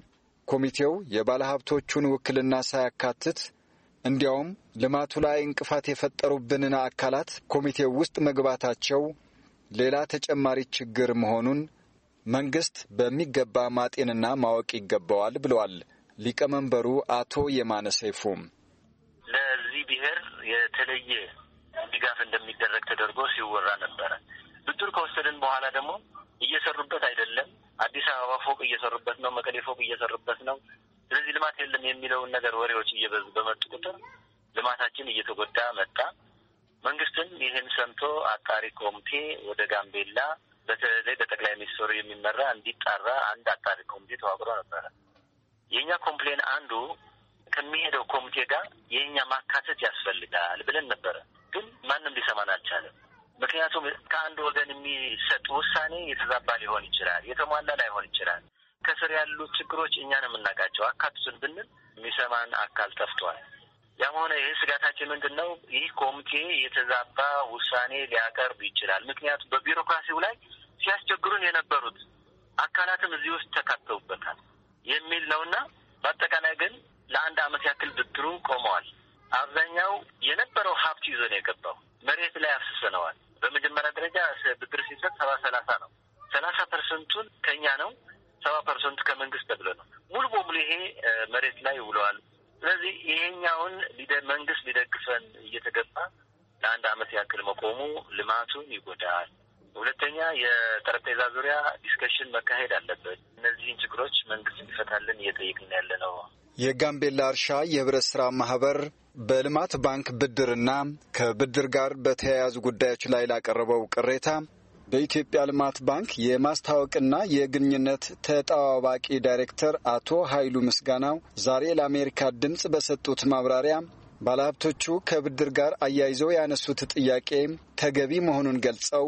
ኮሚቴው የባለሀብቶቹን ውክልና ሳያካትት እንዲያውም ልማቱ ላይ እንቅፋት የፈጠሩብንን አካላት ኮሚቴው ውስጥ መግባታቸው ሌላ ተጨማሪ ችግር መሆኑን መንግስት በሚገባ ማጤንና ማወቅ ይገባዋል ብለዋል ሊቀመንበሩ አቶ የማነ ሰይፉም። ለዚህ ብሔር የተለየ ድጋፍ እንደሚደረግ ተደርጎ ሲወራ ነበረ። ብድር ከወሰድን በኋላ ደግሞ እየሰሩበት አይደለም፣ አዲስ አበባ ፎቅ እየሰሩበት ነው፣ መቀሌ ፎቅ እየሰሩበት ነው፣ ስለዚህ ልማት የለም የሚለውን ነገር ወሬዎች እየበዙ በመጡ ቁጥር ልማታችን እየተጎዳ መጣ። መንግስትም ይህን ሰምቶ አጣሪ ኮሚቴ ወደ ጋምቤላ በተለይ በጠቅላይ ሚኒስትሩ የሚመራ እንዲጣራ አንድ አጣሪ ኮሚቴ ተዋቅሮ ነበረ። የእኛ ኮምፕሌን አንዱ ከሚሄደው ኮሚቴ ጋር የእኛ ማካተት ያስፈልጋል ብለን ነበረ፣ ግን ማንም ሊሰማን አልቻለም። ምክንያቱም ከአንድ ወገን የሚሰጥ ውሳኔ የተዛባ ሊሆን ይችላል፣ የተሟላ ላይሆን ይችላል። ከስር ያሉት ችግሮች እኛን የምናውቃቸው አካትቱን ብንል የሚሰማን አካል ጠፍቷል። ያም ሆነ ይህ ስጋታችን ምንድን ነው? ይህ ኮሚቴ የተዛባ ውሳኔ ሊያቀርብ ይችላል። ምክንያቱም በቢሮክራሲው ላይ ሲያስቸግሩን የነበሩት አካላትም እዚህ ውስጥ ተካተውበታል የሚል ነውና በአጠቃላይ ግን ለአንድ አመት ያክል ብድሩ ቆመዋል። አብዛኛው የነበረው ሀብት ይዞ ነው የገባው። መሬት ላይ አፍስሰነዋል። በመጀመሪያ ደረጃ ብድር ሲሰጥ ሰባ ሰላሳ ነው። ሰላሳ ፐርሰንቱን ከኛ ነው ሰባ ፐርሰንት ከመንግስት ተብለ ነው ሙሉ በሙሉ ይሄ መሬት ላይ ውለዋል። ስለዚህ ይሄኛውን መንግስት ሊደግፈን እየተገባ ለአንድ አመት ያክል መቆሙ ልማቱን ይጎዳል። ሁለተኛ የጠረጴዛ ዙሪያ ዲስከሽን መካሄድ አለበት። እነዚህን ችግሮች መንግስት እንዲፈታልን እየጠየቅን ያለ ነው። የጋምቤላ እርሻ የህብረት ስራ ማህበር በልማት ባንክ ብድርና ከብድር ጋር በተያያዙ ጉዳዮች ላይ ላቀረበው ቅሬታ በኢትዮጵያ ልማት ባንክ የማስታወቅና የግንኙነት ተጠባባቂ ዳይሬክተር አቶ ኃይሉ ምስጋናው ዛሬ ለአሜሪካ ድምፅ በሰጡት ማብራሪያ ባለሀብቶቹ ከብድር ጋር አያይዘው ያነሱት ጥያቄ ተገቢ መሆኑን ገልጸው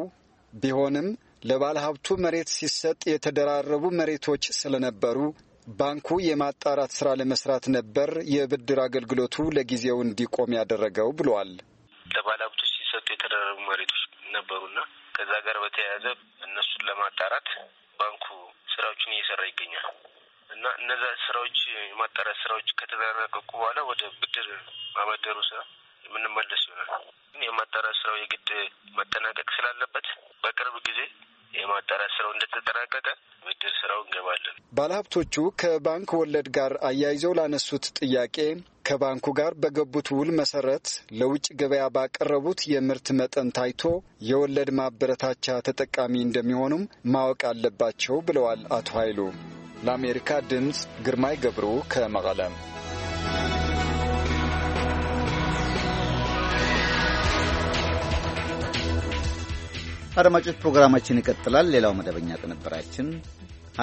ቢሆንም ለባለሀብቱ መሬት ሲሰጥ የተደራረቡ መሬቶች ስለነበሩ ባንኩ የማጣራት ስራ ለመስራት ነበር የብድር አገልግሎቱ ለጊዜው እንዲቆም ያደረገው ብለዋል። ለባለሀብቶች ሲሰጡ የተደራረቡ መሬቶች ነበሩና ከዛ ጋር በተያያዘ እነሱን ለማጣራት ባንኩ ስራዎችን እየሰራ ይገኛል እና እነዛ ስራዎች የማጣራት ስራዎች ከተጠናቀቁ በኋላ ወደ ብድር ማበደሩ ስራ የምንመለስ ይሆናል። ግን የማጣራት ስራው የግድ መጠናቀቅ ስላለበት በቅርብ ጊዜ የማጣራት ስራው እንደተጠናቀቀ ብድር ስራው እንገባለን። ባለሀብቶቹ ከባንክ ወለድ ጋር አያይዘው ላነሱት ጥያቄ ከባንኩ ጋር በገቡት ውል መሰረት ለውጭ ገበያ ባቀረቡት የምርት መጠን ታይቶ የወለድ ማበረታቻ ተጠቃሚ እንደሚሆኑም ማወቅ አለባቸው ብለዋል አቶ ኃይሉ። ለአሜሪካ ድምፅ ግርማይ ገብሩ ከመቐለም። አድማጮች ፕሮግራማችን ይቀጥላል። ሌላው መደበኛ ቅንብራችን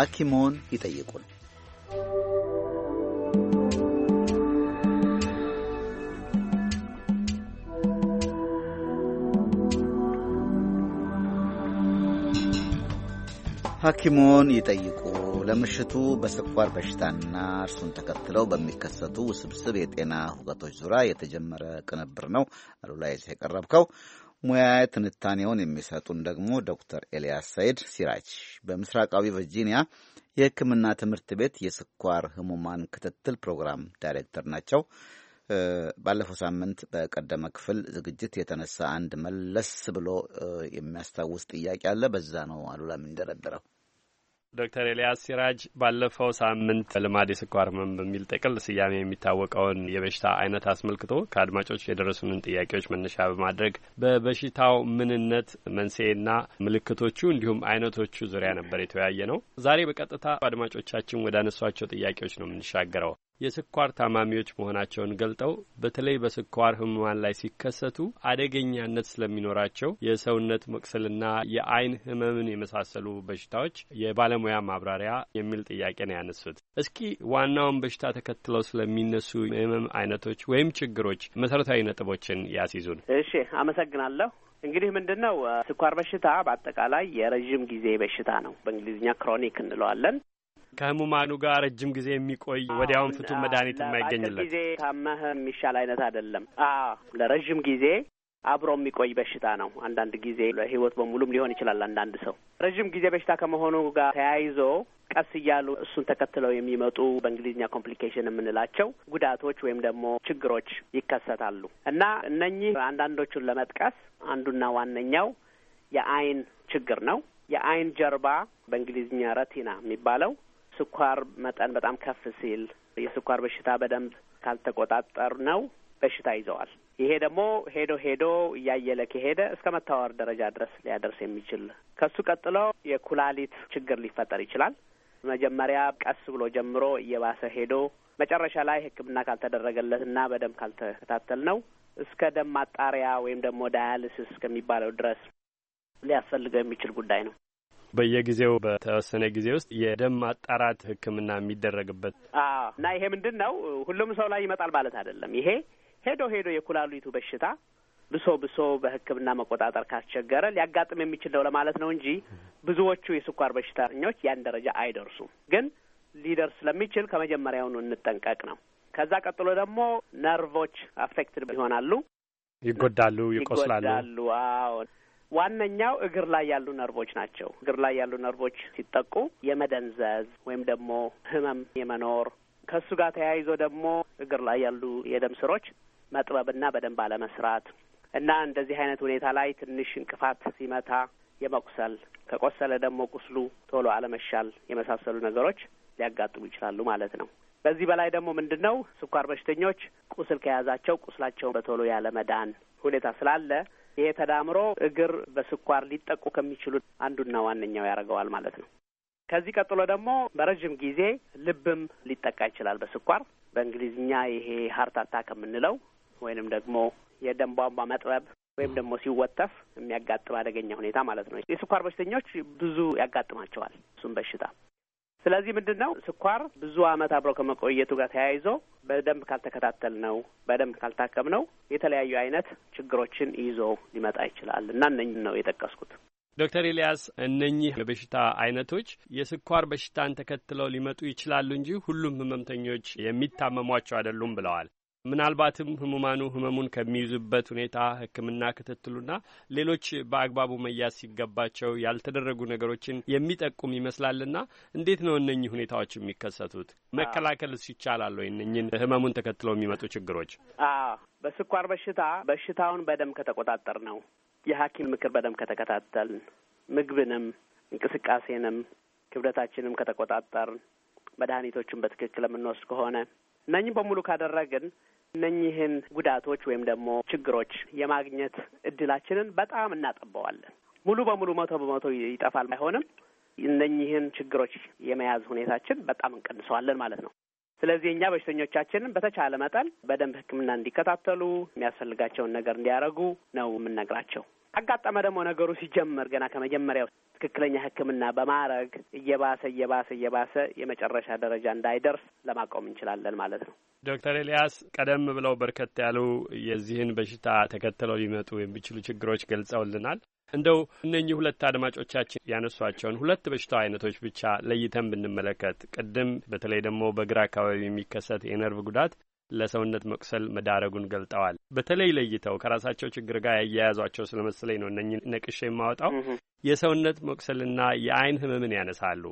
ሐኪሞን ይጠይቁን ሐኪሞን ይጠይቁ ለምሽቱ በስኳር በሽታና እርሱን ተከትለው በሚከሰቱ ውስብስብ የጤና ሁከቶች ዙሪያ የተጀመረ ቅንብር ነው። ላይ የቀረብከው ሙያዊ ትንታኔውን የሚሰጡን ደግሞ ዶክተር ኤልያስ ሰይድ ሲራች በምስራቃዊ ቨርጂኒያ የሕክምና ትምህርት ቤት የስኳር ህሙማን ክትትል ፕሮግራም ዳይሬክተር ናቸው። ባለፈው ሳምንት በቀደመ ክፍል ዝግጅት የተነሳ አንድ መለስ ብሎ የሚያስታውስ ጥያቄ አለ። በዛ ነው አሉላ የሚንደረደረው። ዶክተር ኤልያስ ሲራጅ ባለፈው ሳምንት ልማድ የስኳር ህመም በሚል ጥቅል ስያሜ የሚታወቀውን የበሽታ አይነት አስመልክቶ ከአድማጮች የደረሱንን ጥያቄዎች መነሻ በማድረግ በበሽታው ምንነት፣ መንስኤና ምልክቶቹ እንዲሁም አይነቶቹ ዙሪያ ነበር የተወያየ ነው። ዛሬ በቀጥታ አድማጮቻችን ወዳነሷቸው ጥያቄዎች ነው የምንሻገረው። የስኳር ታማሚዎች መሆናቸውን ገልጠው በተለይ በስኳር ህሙማን ላይ ሲከሰቱ አደገኛነት ስለሚኖራቸው የሰውነት መቅሰልና የአይን ህመምን የመሳሰሉ በሽታዎች የባለሙያ ማብራሪያ የሚል ጥያቄ ነው ያነሱት። እስኪ ዋናውን በሽታ ተከትለው ስለሚነሱ የህመም አይነቶች ወይም ችግሮች መሰረታዊ ነጥቦችን ያስይዙን። እሺ፣ አመሰግናለሁ። እንግዲህ ምንድን ነው ስኳር በሽታ በአጠቃላይ የረዥም ጊዜ በሽታ ነው። በእንግሊዝኛ ክሮኒክ እንለዋለን። ከህሙማኑ ጋር ረጅም ጊዜ የሚቆይ ወዲያውን ፍቱን መድኃኒት የማይገኝለት ጊዜ ታመህ የሚሻል አይነት አይደለም። ለረዥም ጊዜ አብሮ የሚቆይ በሽታ ነው። አንዳንድ ጊዜ ለህይወት በሙሉም ሊሆን ይችላል። አንዳንድ ሰው ረዥም ጊዜ በሽታ ከመሆኑ ጋር ተያይዞ ቀስ እያሉ እሱን ተከትለው የሚመጡ በእንግሊዝኛ ኮምፕሊኬሽን የምንላቸው ጉዳቶች ወይም ደግሞ ችግሮች ይከሰታሉ እና እነኚህ አንዳንዶቹን ለመጥቀስ አንዱና ዋነኛው የአይን ችግር ነው። የአይን ጀርባ በእንግሊዝኛ ረቲና የሚባለው ስኳር መጠን በጣም ከፍ ሲል የስኳር በሽታ በደንብ ካልተቆጣጠር ነው በሽታ ይዘዋል። ይሄ ደግሞ ሄዶ ሄዶ እያየለ ከሄደ እስከ መታወር ደረጃ ድረስ ሊያደርስ የሚችል ከሱ ቀጥሎ የኩላሊት ችግር ሊፈጠር ይችላል። መጀመሪያ ቀስ ብሎ ጀምሮ እየባሰ ሄዶ መጨረሻ ላይ ሕክምና ካልተደረገለት እና በደንብ ካልተከታተል ነው እስከ ደም ማጣሪያ ወይም ደግሞ ዳያልስስ እስከሚባለው ድረስ ሊያስፈልገው የሚችል ጉዳይ ነው። በየጊዜው በተወሰነ ጊዜ ውስጥ የደም ማጣራት ሕክምና የሚደረግበት እና ይሄ ምንድን ነው ሁሉም ሰው ላይ ይመጣል ማለት አይደለም። ይሄ ሄዶ ሄዶ የኩላሊቱ በሽታ ብሶ ብሶ በሕክምና መቆጣጠር ካስቸገረ ሊያጋጥም የሚችል ነው ለማለት ነው እንጂ ብዙዎቹ የስኳር በሽተኞች ያን ደረጃ አይደርሱም። ግን ሊደርስ ስለሚችል ከመጀመሪያውኑ እንጠንቀቅ ነው። ከዛ ቀጥሎ ደግሞ ነርቮች አፌክትድ ይሆናሉ፣ ይጎዳሉ፣ ይቆስላሉ። አዎ ዋነኛው እግር ላይ ያሉ ነርቦች ናቸው። እግር ላይ ያሉ ነርቦች ሲጠቁ የመደንዘዝ ወይም ደግሞ ህመም የመኖር ከእሱ ጋር ተያይዞ ደግሞ እግር ላይ ያሉ የደም ስሮች መጥበብና በደንብ አለመስራት እና እንደዚህ አይነት ሁኔታ ላይ ትንሽ እንቅፋት ሲመታ የመቁሰል ከቆሰለ ደግሞ ቁስሉ ቶሎ አለመሻል የመሳሰሉ ነገሮች ሊያጋጥሙ ይችላሉ ማለት ነው። በዚህ በላይ ደግሞ ምንድን ነው ስኳር በሽተኞች ቁስል ከያዛቸው ቁስላቸውን በቶሎ ያለመዳን ሁኔታ ስላለ ይሄ ተዳምሮ እግር በስኳር ሊጠቁ ከሚችሉ አንዱና ዋነኛው ያደርገዋል ማለት ነው። ከዚህ ቀጥሎ ደግሞ በረዥም ጊዜ ልብም ሊጠቃ ይችላል በስኳር በእንግሊዝኛ ይሄ ሀርት አታክ የምንለው ወይንም ደግሞ የደም ቧንቧ መጥበብ ወይም ደግሞ ሲወተፍ የሚያጋጥም አደገኛ ሁኔታ ማለት ነው። የስኳር በሽተኞች ብዙ ያጋጥማቸዋል እሱም በሽታ ስለዚህ ምንድን ነው ስኳር ብዙ አመት አብሮ ከመቆየቱ ጋር ተያይዞ በደንብ ካልተከታተል ነው በደንብ ካልታከም ነው የተለያዩ አይነት ችግሮችን ይዞ ሊመጣ ይችላል እና እነኝን ነው የጠቀስኩት። ዶክተር ኤልያስ እነኚህ የበሽታ አይነቶች የስኳር በሽታን ተከትለው ሊመጡ ይችላሉ እንጂ ሁሉም ህመምተኞች የሚታመሟቸው አይደሉም ብለዋል። ምናልባትም ህሙማኑ ህመሙን ከሚይዙበት ሁኔታ ህክምና ክትትሉና ሌሎች በአግባቡ መያዝ ሲገባቸው ያልተደረጉ ነገሮችን የሚጠቁም ይመስላልና እንዴት ነው እነኚህ ሁኔታዎች የሚከሰቱት? መከላከልስ ይቻላል ወይ? እነኝን ህመሙን ተከትለው የሚመጡ ችግሮች። አዎ፣ በስኳር በሽታ በሽታውን በደንብ ከተቆጣጠር ነው የሐኪም ምክር በደንብ ከተከታተል ምግብንም እንቅስቃሴንም ክብደታችንም ከተቆጣጠር መድኃኒቶችን በትክክል የምንወስድ ከሆነ እነኝም በሙሉ ካደረግን እነኚህን ጉዳቶች ወይም ደግሞ ችግሮች የማግኘት እድላችንን በጣም እናጠበዋለን። ሙሉ በሙሉ መቶ በመቶ ይጠፋል አይሆንም። እነኚህን ችግሮች የመያዝ ሁኔታችን በጣም እንቀንሰዋለን ማለት ነው። ስለዚህ እኛ በሽተኞቻችንን በተቻለ መጠን በደንብ ሕክምና እንዲከታተሉ የሚያስፈልጋቸውን ነገር እንዲያደርጉ ነው የምንነግራቸው። አጋጠመ ደግሞ ነገሩ ሲጀመር ገና ከመጀመሪያው ትክክለኛ ሕክምና በማድረግ እየባሰ እየባሰ እየባሰ የመጨረሻ ደረጃ እንዳይደርስ ለማቆም እንችላለን ማለት ነው። ዶክተር ኤልያስ ቀደም ብለው በርከት ያሉ የዚህን በሽታ ተከትለው ሊመጡ የሚችሉ ችግሮች ገልጸውልናል። እንደው እነኚህ ሁለት አድማጮቻችን ያነሷቸውን ሁለት በሽታ አይነቶች ብቻ ለይተን ብንመለከት፣ ቅድም በተለይ ደግሞ በግራ አካባቢ የሚከሰት የነርቭ ጉዳት ለሰውነት መቁሰል መዳረጉን ገልጠዋል። በተለይ ለይተው ከራሳቸው ችግር ጋር ያያያዟቸው ስለመሰለኝ ነው እነኝህ ነቅሼ የማወጣው። የሰውነት መቁሰልና የአይን ህመምን ያነሳሉ።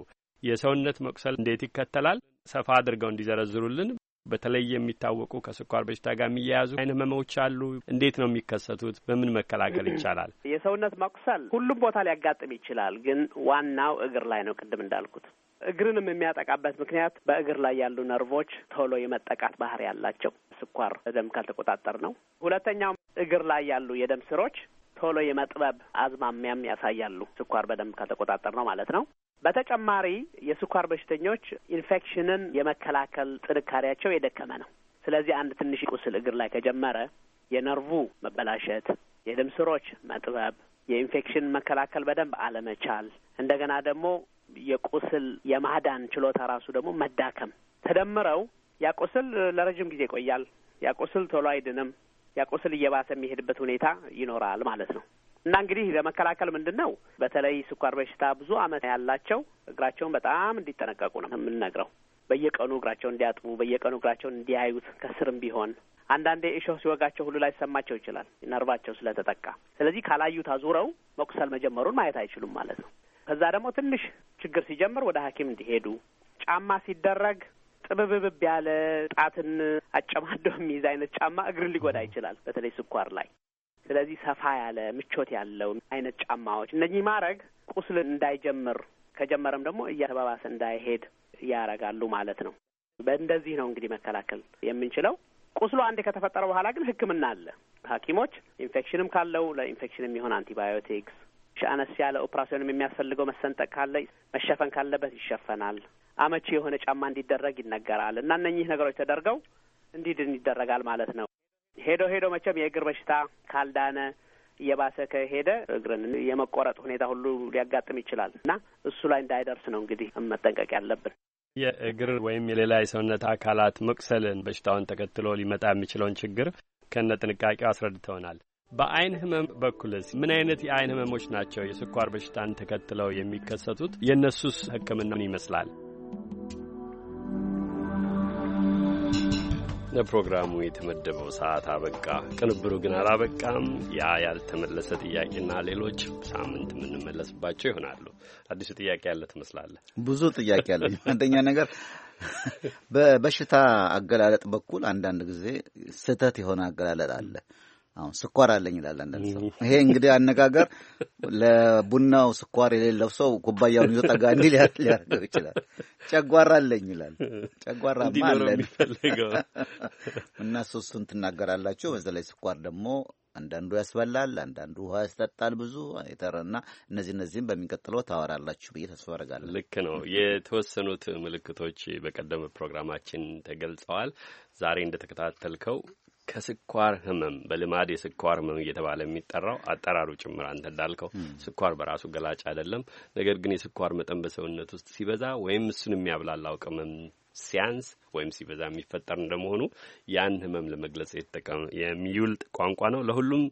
የሰውነት መቁሰል እንዴት ይከተላል? ሰፋ አድርገው እንዲዘረዝሩልን። በተለይ የሚታወቁ ከስኳር በሽታ ጋር የሚያያዙ አይን ህመሞች አሉ። እንዴት ነው የሚከሰቱት? በምን መከላከል ይቻላል? የሰውነት መቁሰል ሁሉም ቦታ ሊያጋጥም ይችላል፣ ግን ዋናው እግር ላይ ነው። ቅድም እንዳልኩት እግርንም የሚያጠቃበት ምክንያት በእግር ላይ ያሉ ነርቮች ቶሎ የመጠቃት ባህሪ ያላቸው ስኳር ደም ካልተቆጣጠር ነው። ሁለተኛው እግር ላይ ያሉ የደም ስሮች ቶሎ የመጥበብ አዝማሚያም ያሳያሉ ስኳር በደንብ ካልተቆጣጠር ነው ማለት ነው። በተጨማሪ የስኳር በሽተኞች ኢንፌክሽንን የመከላከል ጥንካሬያቸው የደከመ ነው። ስለዚህ አንድ ትንሽ ቁስል እግር ላይ ከጀመረ የነርቡ መበላሸት፣ የደም ስሮች መጥበብ፣ የኢንፌክሽን መከላከል በደንብ አለመቻል እንደገና ደግሞ የቁስል የማዳን ችሎታ ራሱ ደግሞ መዳከም ተደምረው ያ ቁስል ለረጅም ጊዜ ይቆያል። ያ ቁስል ቶሎ አይድንም። ያ ቁስል እየባሰ የሚሄድበት ሁኔታ ይኖራል ማለት ነው። እና እንግዲህ ለመከላከል ምንድን ነው በተለይ ስኳር በሽታ ብዙ አመት ያላቸው እግራቸውን በጣም እንዲጠነቀቁ ነው የምንነግረው። በየቀኑ እግራቸውን እንዲያጥቡ፣ በየቀኑ እግራቸውን እንዲያዩት ከስርም ቢሆን አንዳንዴ እሾህ ሲወጋቸው ሁሉ ሰማቸው ይችላል፣ ነርቫቸው ስለተጠቃ። ስለዚህ ካላዩት አዙረው መቁሰል መጀመሩን ማየት አይችሉም ማለት ነው። ከዛ ደግሞ ትንሽ ችግር ሲጀምር ወደ ሐኪም እንዲሄዱ ጫማ ሲደረግ ጥብብብብ ያለ ጣትን አጨማዶ የሚይዝ አይነት ጫማ እግርን ሊጎዳ ይችላል፣ በተለይ ስኳር ላይ። ስለዚህ ሰፋ ያለ ምቾት ያለው አይነት ጫማዎች እነዚህ ማድረግ ቁስል እንዳይጀምር ከጀመረም ደግሞ እያተባባሰ እንዳይሄድ ያረጋሉ ማለት ነው። በእንደዚህ ነው እንግዲህ መከላከል የምንችለው። ቁስሉ አንዴ ከተፈጠረ በኋላ ግን ሕክምና አለ። ሐኪሞች ኢንፌክሽንም ካለው ለኢንፌክሽን የሚሆን አንቲባዮቲክስ አነስ ያለ ኦፕራሲዮንም የሚያስፈልገው መሰንጠቅ ካለ መሸፈን ካለበት ይሸፈናል። አመቺ የሆነ ጫማ እንዲደረግ ይነገራል እና እነኚህ ነገሮች ተደርገው እንዲድን ይደረጋል ማለት ነው። ሄዶ ሄዶ መቼም የእግር በሽታ ካልዳነ እየባሰ ከሄደ እግርን የመቆረጥ ሁኔታ ሁሉ ሊያጋጥም ይችላል እና እሱ ላይ እንዳይደርስ ነው እንግዲህ መጠንቀቅ ያለብን። የእግር ወይም የሌላ የሰውነት አካላት መቁሰልን በሽታውን ተከትሎ ሊመጣ የሚችለውን ችግር ከነ ጥንቃቄው አስረድተውናል። በአይን ህመም በኩልስ ምን አይነት የአይን ህመሞች ናቸው የስኳር በሽታን ተከትለው የሚከሰቱት? የእነሱስ ህክምና ምን ይመስላል? ለፕሮግራሙ የተመደበው ሰዓት አበቃ። ቅንብሩ ግን አላበቃም። ያ ያልተመለሰ ጥያቄና ሌሎች ሳምንት የምንመለስባቸው ይሆናሉ። አዲሱ ጥያቄ ያለ ትመስላለህ። ብዙ ጥያቄ ያለ። አንደኛ ነገር በበሽታ አገላለጥ በኩል አንዳንድ ጊዜ ስህተት የሆነ አገላለጥ አለ። አሁን ስኳር አለኝ ይላል አንዳንድ ሰው። ይሄ እንግዲህ አነጋገር ለቡናው ስኳር የሌለው ሰው ኩባያውን ይዞ ጠጋ እንዲህ ሊያደርገው ይችላል። ጨጓራ አለኝ ይላል። ጨጓራማ አለን እና ሶስቱን ትናገራላችሁ። በዛ ላይ ስኳር ደግሞ አንዳንዱ ያስበላል፣ አንዳንዱ ውሃ ያስጠጣል። ብዙ የተረ እና እነዚህ እነዚህም በሚቀጥለው ታወራላችሁ ብዬ ተስፋ አደርጋለሁ። ልክ ነው። የተወሰኑት ምልክቶች በቀደመ ፕሮግራማችን ተገልጸዋል። ዛሬ እንደተከታተልከው ከስኳር ህመም በልማድ የስኳር ህመም እየተባለ የሚጠራው አጠራሩ ጭምር አንተ እንዳልከው ስኳር በራሱ ገላጭ አይደለም። ነገር ግን የስኳር መጠን በሰውነት ውስጥ ሲበዛ ወይም እሱን የሚያብላላው ቅመም ሲያንስ ወይም ሲበዛ የሚፈጠር እንደመሆኑ ያን ህመም ለመግለጽ የሚውል ቋንቋ ነው። ለሁሉም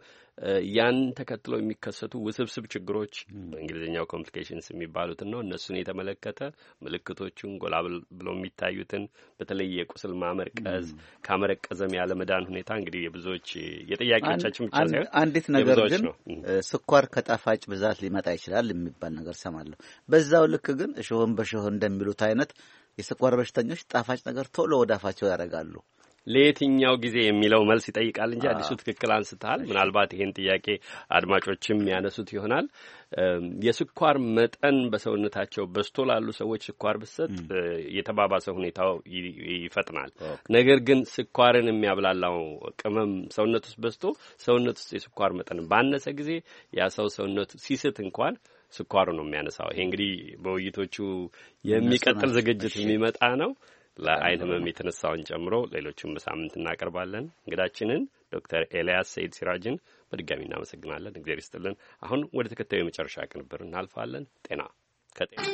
ያን ተከትሎ የሚከሰቱ ውስብስብ ችግሮች በእንግሊዝኛው ኮምፕሊኬሽንስ የሚባሉትን ነው። እነሱን የተመለከተ ምልክቶቹን፣ ጎላ ብሎ የሚታዩትን በተለይ የቁስል ማመርቀዝ፣ ካመረቀዘም ያለመዳን ሁኔታ እንግዲህ የብዙዎች የጥያቄዎቻችን ብቻ ሳይሆን አንዲት ነገር ግን ስኳር ከጣፋጭ ብዛት ሊመጣ ይችላል የሚባል ነገር ሰማለሁ። በዛው ልክ ግን እሾህን በሾህ እንደሚሉት አይነት የስኳር በሽተኞች ጣፋጭ ነገር ቶሎ ወዳፋቸው አፋቸው ያደርጋሉ። ለየትኛው ጊዜ የሚለው መልስ ይጠይቃል እንጂ አዲሱ ትክክል አንስተሃል። ምናልባት ይሄን ጥያቄ አድማጮችም ያነሱት ይሆናል። የስኳር መጠን በሰውነታቸው በስቶ ላሉ ሰዎች ስኳር ብሰጥ የተባባሰ ሁኔታው ይፈጥናል። ነገር ግን ስኳርን የሚያብላላው ቅመም ሰውነት ውስጥ በስቶ ሰውነት ውስጥ የስኳር መጠን ባነሰ ጊዜ ያ ሰው ሰውነቱ ሲስት እንኳን ስኳሩ ነው የሚያነሳው። ይሄ እንግዲህ በውይይቶቹ የሚቀጥል ዝግጅት የሚመጣ ነው። ለአይን ህመም የተነሳውን ጨምሮ ሌሎችን በሳምንት እናቀርባለን። እንግዳችንን ዶክተር ኤልያስ ሰይድ ሲራጅን በድጋሚ እናመሰግናለን። እግዜር ይስጥልን። አሁን ወደ ተከታዩ የመጨረሻ ቅንብር እናልፋለን። ጤና ከጤና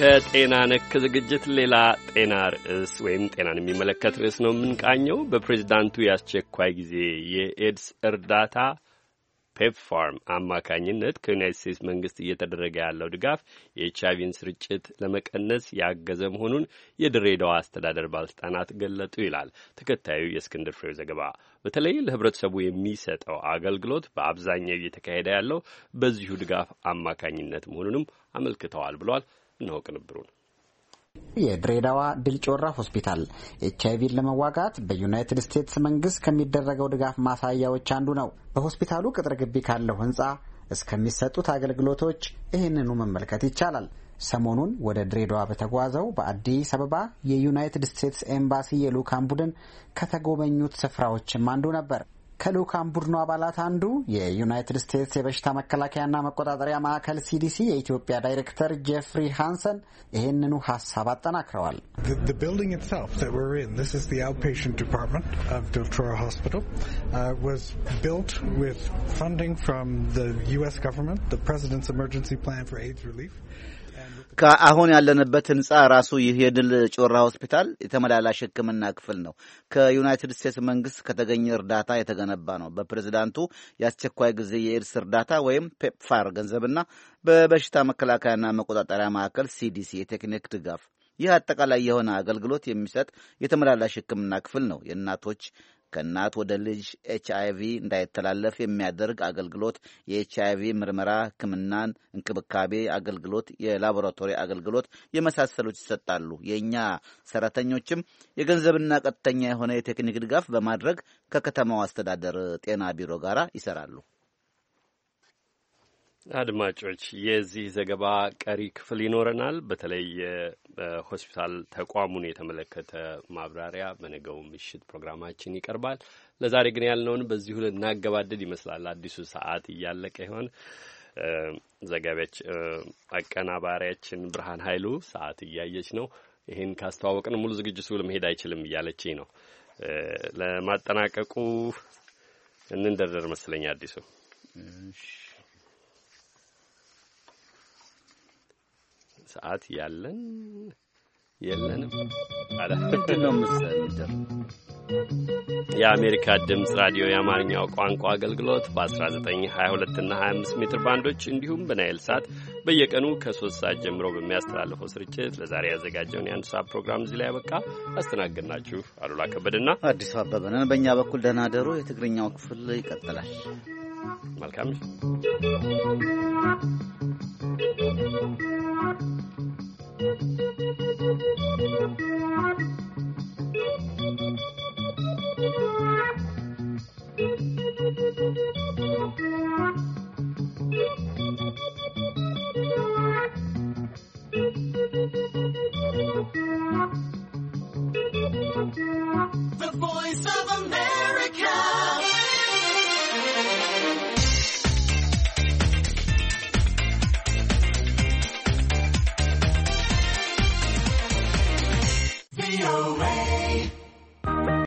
ከጤና ነክ ዝግጅት ሌላ ጤና ርዕስ ወይም ጤናን የሚመለከት ርዕስ ነው የምንቃኘው። በፕሬዚዳንቱ የአስቸኳይ ጊዜ የኤድስ እርዳታ ፔፕፋርም አማካኝነት ከዩናይት ስቴትስ መንግስት እየተደረገ ያለው ድጋፍ የኤች አይቪን ስርጭት ለመቀነስ ያገዘ መሆኑን የድሬዳዋ አስተዳደር ባለስልጣናት ገለጡ ይላል ተከታዩ የእስክንድር ፍሬው ዘገባ። በተለይ ለህብረተሰቡ የሚሰጠው አገልግሎት በአብዛኛው እየተካሄደ ያለው በዚሁ ድጋፍ አማካኝነት መሆኑንም አመልክተዋል ብሏል። እንሆ ቅንብሩን የድሬዳዋ ድል ጮራ ሆስፒታል ኤች አይቪን ለመዋጋት በዩናይትድ ስቴትስ መንግስት ከሚደረገው ድጋፍ ማሳያዎች አንዱ ነው። በሆስፒታሉ ቅጥር ግቢ ካለው ህንፃ እስከሚሰጡት አገልግሎቶች ይህንኑ መመልከት ይቻላል። ሰሞኑን ወደ ድሬዳዋ በተጓዘው በአዲስ አበባ የዩናይትድ ስቴትስ ኤምባሲ የልዑካን ቡድን ከተጎበኙት ስፍራዎችም አንዱ ነበር። ከልዑካን ቡድኑ አባላት አንዱ የዩናይትድ ስቴትስ የበሽታ መከላከያና መቆጣጠሪያ ማዕከል ሲዲሲ የኢትዮጵያ ዳይሬክተር ጄፍሪ ሃንሰን ይህንኑ ሀሳብ አጠናክረዋል። ስ ከአሁን ያለንበት ህንፃ ራሱ ይህ የድል ጮራ ሆስፒታል የተመላላሽ ሕክምና ክፍል ነው። ከዩናይትድ ስቴትስ መንግስት ከተገኘ እርዳታ የተገነባ ነው። በፕሬዚዳንቱ የአስቸኳይ ጊዜ የኤድስ እርዳታ ወይም ፔፕፋር ገንዘብና በበሽታ መከላከያና መቆጣጠሪያ ማዕከል ሲዲሲ የቴክኒክ ድጋፍ ይህ አጠቃላይ የሆነ አገልግሎት የሚሰጥ የተመላላሽ ሕክምና ክፍል ነው። የእናቶች ከእናት ወደ ልጅ ኤች አይ ቪ እንዳይተላለፍ የሚያደርግ አገልግሎት፣ የኤች አይ ቪ ምርመራ፣ ሕክምናን፣ እንክብካቤ አገልግሎት፣ የላቦራቶሪ አገልግሎት የመሳሰሉት ይሰጣሉ። የእኛ ሰራተኞችም የገንዘብና ቀጥተኛ የሆነ የቴክኒክ ድጋፍ በማድረግ ከከተማው አስተዳደር ጤና ቢሮ ጋር ይሰራሉ። አድማጮች የዚህ ዘገባ ቀሪ ክፍል ይኖረናል። በተለይ ሆስፒታል ተቋሙን የተመለከተ ማብራሪያ በነገው ምሽት ፕሮግራማችን ይቀርባል። ለዛሬ ግን ያልነውን በዚሁ ልናገባድድ ይመስላል። አዲሱ ሰዓት እያለቀ ይሆን? ዘጋቢያች አቀናባሪያችን ብርሃን ኃይሉ ሰዓት እያየች ነው። ይህን ካስተዋወቅን ሙሉ ዝግጅቱ ለመሄድ አይችልም እያለችኝ ነው። ለማጠናቀቁ እንንደርደር መሰለኝ አዲሱ ሰዓት ያለን የለንም። የአሜሪካ ድምፅ ራዲዮ የአማርኛው ቋንቋ አገልግሎት በ1922 እና 25 ሜትር ባንዶች እንዲሁም በናይል ሳት በየቀኑ ከሶስት ሰዓት ጀምሮ በሚያስተላልፈው ስርጭት ለዛሬ ያዘጋጀውን የአንድ ሰዓት ፕሮግራም እዚህ ላይ ያበቃ። አስተናገድናችሁ አሉላ ከበድና አዲሱ አበበነን። በእኛ በኩል ደህና ደሩ። የትግርኛው ክፍል ይቀጥላል። መልካም